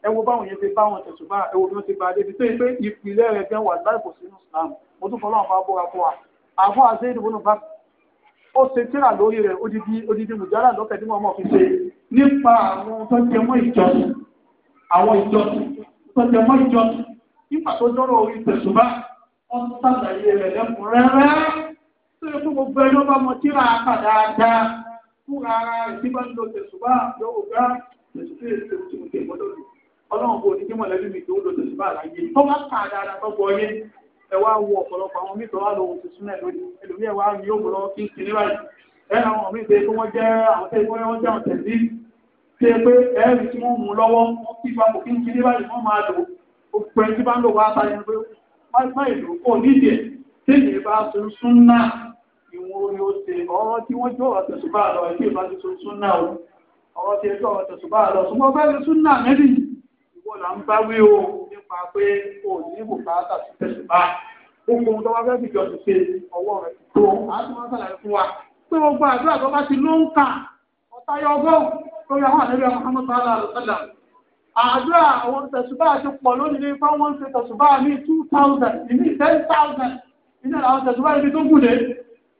ẹ wo báwọn yẹn ti bá wọn tẹ̀sùn bá ẹ wo bí wọ́n ti bá débi tó yẹ pé ìpìlẹ̀ rẹ̀ gan wà láì kò sínú Islam mo tún fọlọ́run bá bóra fún wa àfọ́ àṣẹ ìdìbò bá ó ṣe tíra lórí rẹ̀ odidi odidi mùjálà lọ́kẹ́ tí wọ́n mọ̀ fi ṣe nípa àwọn tó jẹ mọ́ ìjọsìn àwọn ìjọsìn tó ìjọsìn nípa tó dọ́rọ̀ orí tẹ̀sùn bá wọ́n fúnra ara rẹ̀ tí bá ń lo tẹ̀sùbá lọ́wọ́ gbá tẹ̀sùbá èso tí mo tẹ̀ gbọ́dọ̀ lò ọlọ́run kò ní kí mọ̀lẹ́bí mi tó lo tẹ̀sùbá láyé tó bá kà dáadáa tó gbọ́ yé ẹ wá wo ọ̀pọ̀lọpọ̀ àwọn mí tó wá lọ́wọ́ tuntun náà lónìí ẹlòmíẹ̀ wá ní yóò lọ kí n kiri báyìí ẹ àwọn mí pé kí wọ́n jẹ́ àwọn tẹ́ wọ́n jẹ́ àwọn tẹ̀sí ṣe pé ẹ̀rí tí wọ́n mú lọ́wọ́ wọ́n kí bá kò kí n kiri báyìí wọ́n máa lò ó pẹ́ tí bá ń lò wá báyìí pé má ìlú kò nídìí ẹ̀ tí ìyẹn bá kí wọ́n rí ó ṣe ọ̀rọ̀ tí wọ́n jọ ọ̀rọ̀ tẹ̀sùbá lọ ẹ̀kí ìbá ti sọ súnà o ọ̀rọ̀ tí ẹjọ́ ọ̀rọ̀ tẹ̀sùbá lọ súnmọ́ bá rí súnà mẹ́rin ìwọ là ń bá wí o nípa pé o ní bùkátà sí tẹ̀sùbá gbogbo ohun tó wá fẹ́ fìjọ ti ṣe ọwọ́ rẹ̀ ti tó a ti wọ́n sàlàyé fún wa pé gbogbo àdúrà tó bá ti ló ń kà ọ̀tayọ ọgọ́rùn lórí àwọn àlejò Muhammad sallallahu alaihi wasallam àdúrà àwọn tẹ̀sùbá ti pọ̀ lónìí ní fáwọn ṣe tẹ̀sùbá ní two thousand ní ten thousand ìdí àwọn tẹ̀sùbá ibi tó gùn dé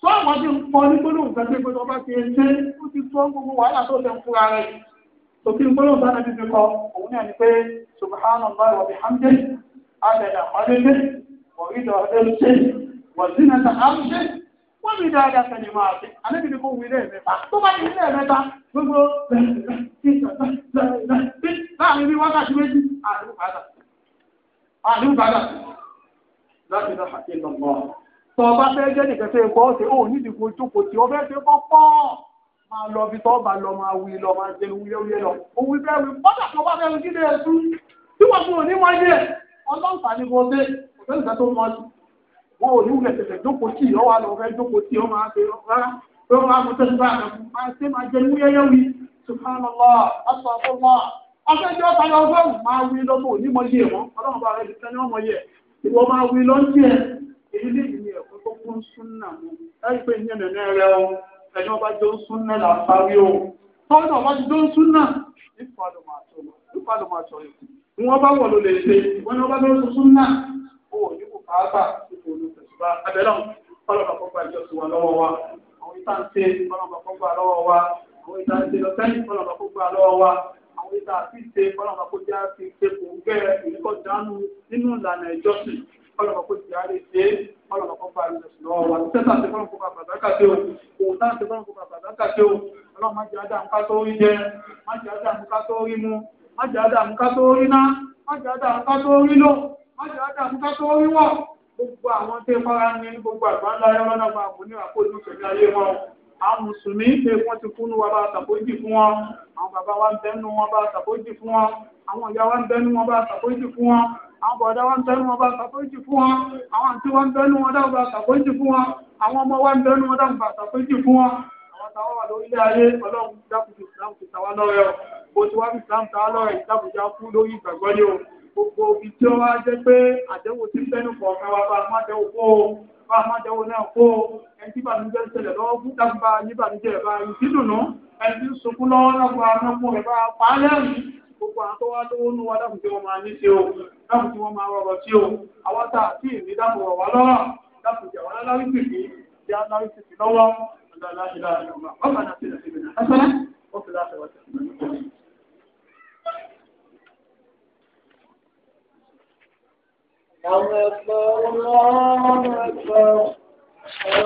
tó àwọn tí ń pọ ní gbólóhùn kan pé gbogbo ọba ti ń ṣe ó ti tó gbogbo wàhálà tó ṣe ń fúra rẹ̀ tòkí gbólóhùn sáà níbi kọ òun náà ni pé subhanallahi wa bihamdihi adada khalqihi wa rida irshihi wa zinata arshihi wọ́n mi dáadáa sẹ́ni máa fi alẹ́bí ni kò wí ilé ẹ̀mẹ́ta tó bá ní ilé ẹ̀mẹ́ta gbogbo láàrin bí wákàtí méjì àdúgbò padà láti lọ́ọ́ àti ìlọ́gbọ́n tọ́ ọba fẹ́ jẹ́ nìkan ṣe nǹkan ọ̀sẹ̀ ò nídìí kó jókòó tí ọbẹ̀ ṣe kọ́kọ́ máa lọ bí tọ́ ọba lọ máa wí lọ máa jẹun wíyẹ́wíyẹ́ lọ òwú fẹ́ wí bọ́dà tó bá fẹ́ wí kí lè tú tí wọ́n fún òní wọ́n yẹ ọlọ́ǹfà ni mo dé òṣèlú ìgbà tó mọ wọn ò ní wulẹ̀ tẹ̀tẹ̀ jókòó tí ọ wà lọ fẹ́ jókòó tí ọ máa ṣe rárá pé wọn máa mú tẹ́sí bá rẹ̀ máa ṣe máa jẹ subhanallah asàfọ́lá afẹ́jọ́ tayọ ọgọ́rùn-ún máa wí lọ́mọ òní mọ yé wọn ọlọ́run bá rẹ̀ ti tẹ́ ní ọmọ yẹ ìwọ máa wí lọ́ńtì èyí lè ní ẹ̀kọ́ tó kún súnà mu láì pé ìyẹn nẹ̀nẹ́ rẹ o ẹni wọn bá jó súnà là ń parí o tọ́wọ́n náà wọ́n ti jó súnà ìfọ̀dùmọ̀ àtọ̀rọ̀ ìfọ̀dùmọ̀ àtọ̀rọ̀ ìwọ́n bá wọ̀ ló lè ṣe ìwọ́n ni wọ́n bá jó súnà ó wọ̀ ní kò káàbà ipò olùfẹ̀sùbá abẹ́lẹ́ ọlọ́pàá kọ́kọ́ ìjọsìn wa lọ́wọ́ wa àwọn ìta ń ṣe ọlọ́pàá kọ́kọ́ lọ́wọ́ wa àwọn ìta ń ṣe lọ́sẹ́yìn ọlọ́pàá kọ́kọ́ lọ́wọ́ wa àwọn ìta àti ìṣe ọlọ́pàá kọ́kọ́ jẹ́ àti ìṣe kò ń gẹ́ ìkọ̀dánù nínú ìlànà ìjọsìn ọlọ́mọ kò sì àárẹ̀ ṣe é ọlọ́mọ kò bá ilẹ̀ sùn lọ́wọ́ wa tẹ́tà ti fọ́n fún bàbá dákà sí o òun táà ti fọ́n fún bàbá dákà sí o ọlọ́mọ má jẹ́ àdàmú ká tó rí jẹ má jẹ́ àdàmú ká tó rí mu má jẹ́ àdàmú ká tó rí ná má jẹ́ àdàmú ká tó rí lò má jẹ́ àdàmú ká tó rí wọ̀ gbogbo àwọn tẹ́ fara ní gbogbo àgbà ńlá yẹn lọ́nà máa ìyá wa ń bẹ́nu wọn bá ṣàkójì fún wọn àwọn bọ̀dá wọn bẹnu wọn bá sàpéjì fún wọn àwọn àti wọn bẹnu wọn dáhùn bá sàpéjì fún wọn àwọn ọmọ wọn bẹnu wọn dáhùn bá sàpéjì fún wọn àwọn táwọn wà lórí ilé ayé ọlọ́run dákùtù ìsìlámù ti tàwa lọ́rẹ̀ o bó ti wá fi ìsìlámù tàwa lọ́rẹ̀ ìdábùjá kú lórí ìgbàgbọ́ ni o gbogbo ibi tí ó wá jẹ́ pé àdéhùn ti fẹ́nu kọ̀ọ̀kan wa bá a má dẹ́wò kó o bá a má dẹ́wò náà kó gbogbo àwọn tó wá lówó tí wọ́n máa ní sí o dákun tí wọ́n máa rọrọ̀ sí o àwọn tá a ní dákun rọ̀ wá lọ́rọ̀ dákun jẹ̀ wọ́n lálárí pìpì tí a lárí pìpì fi láti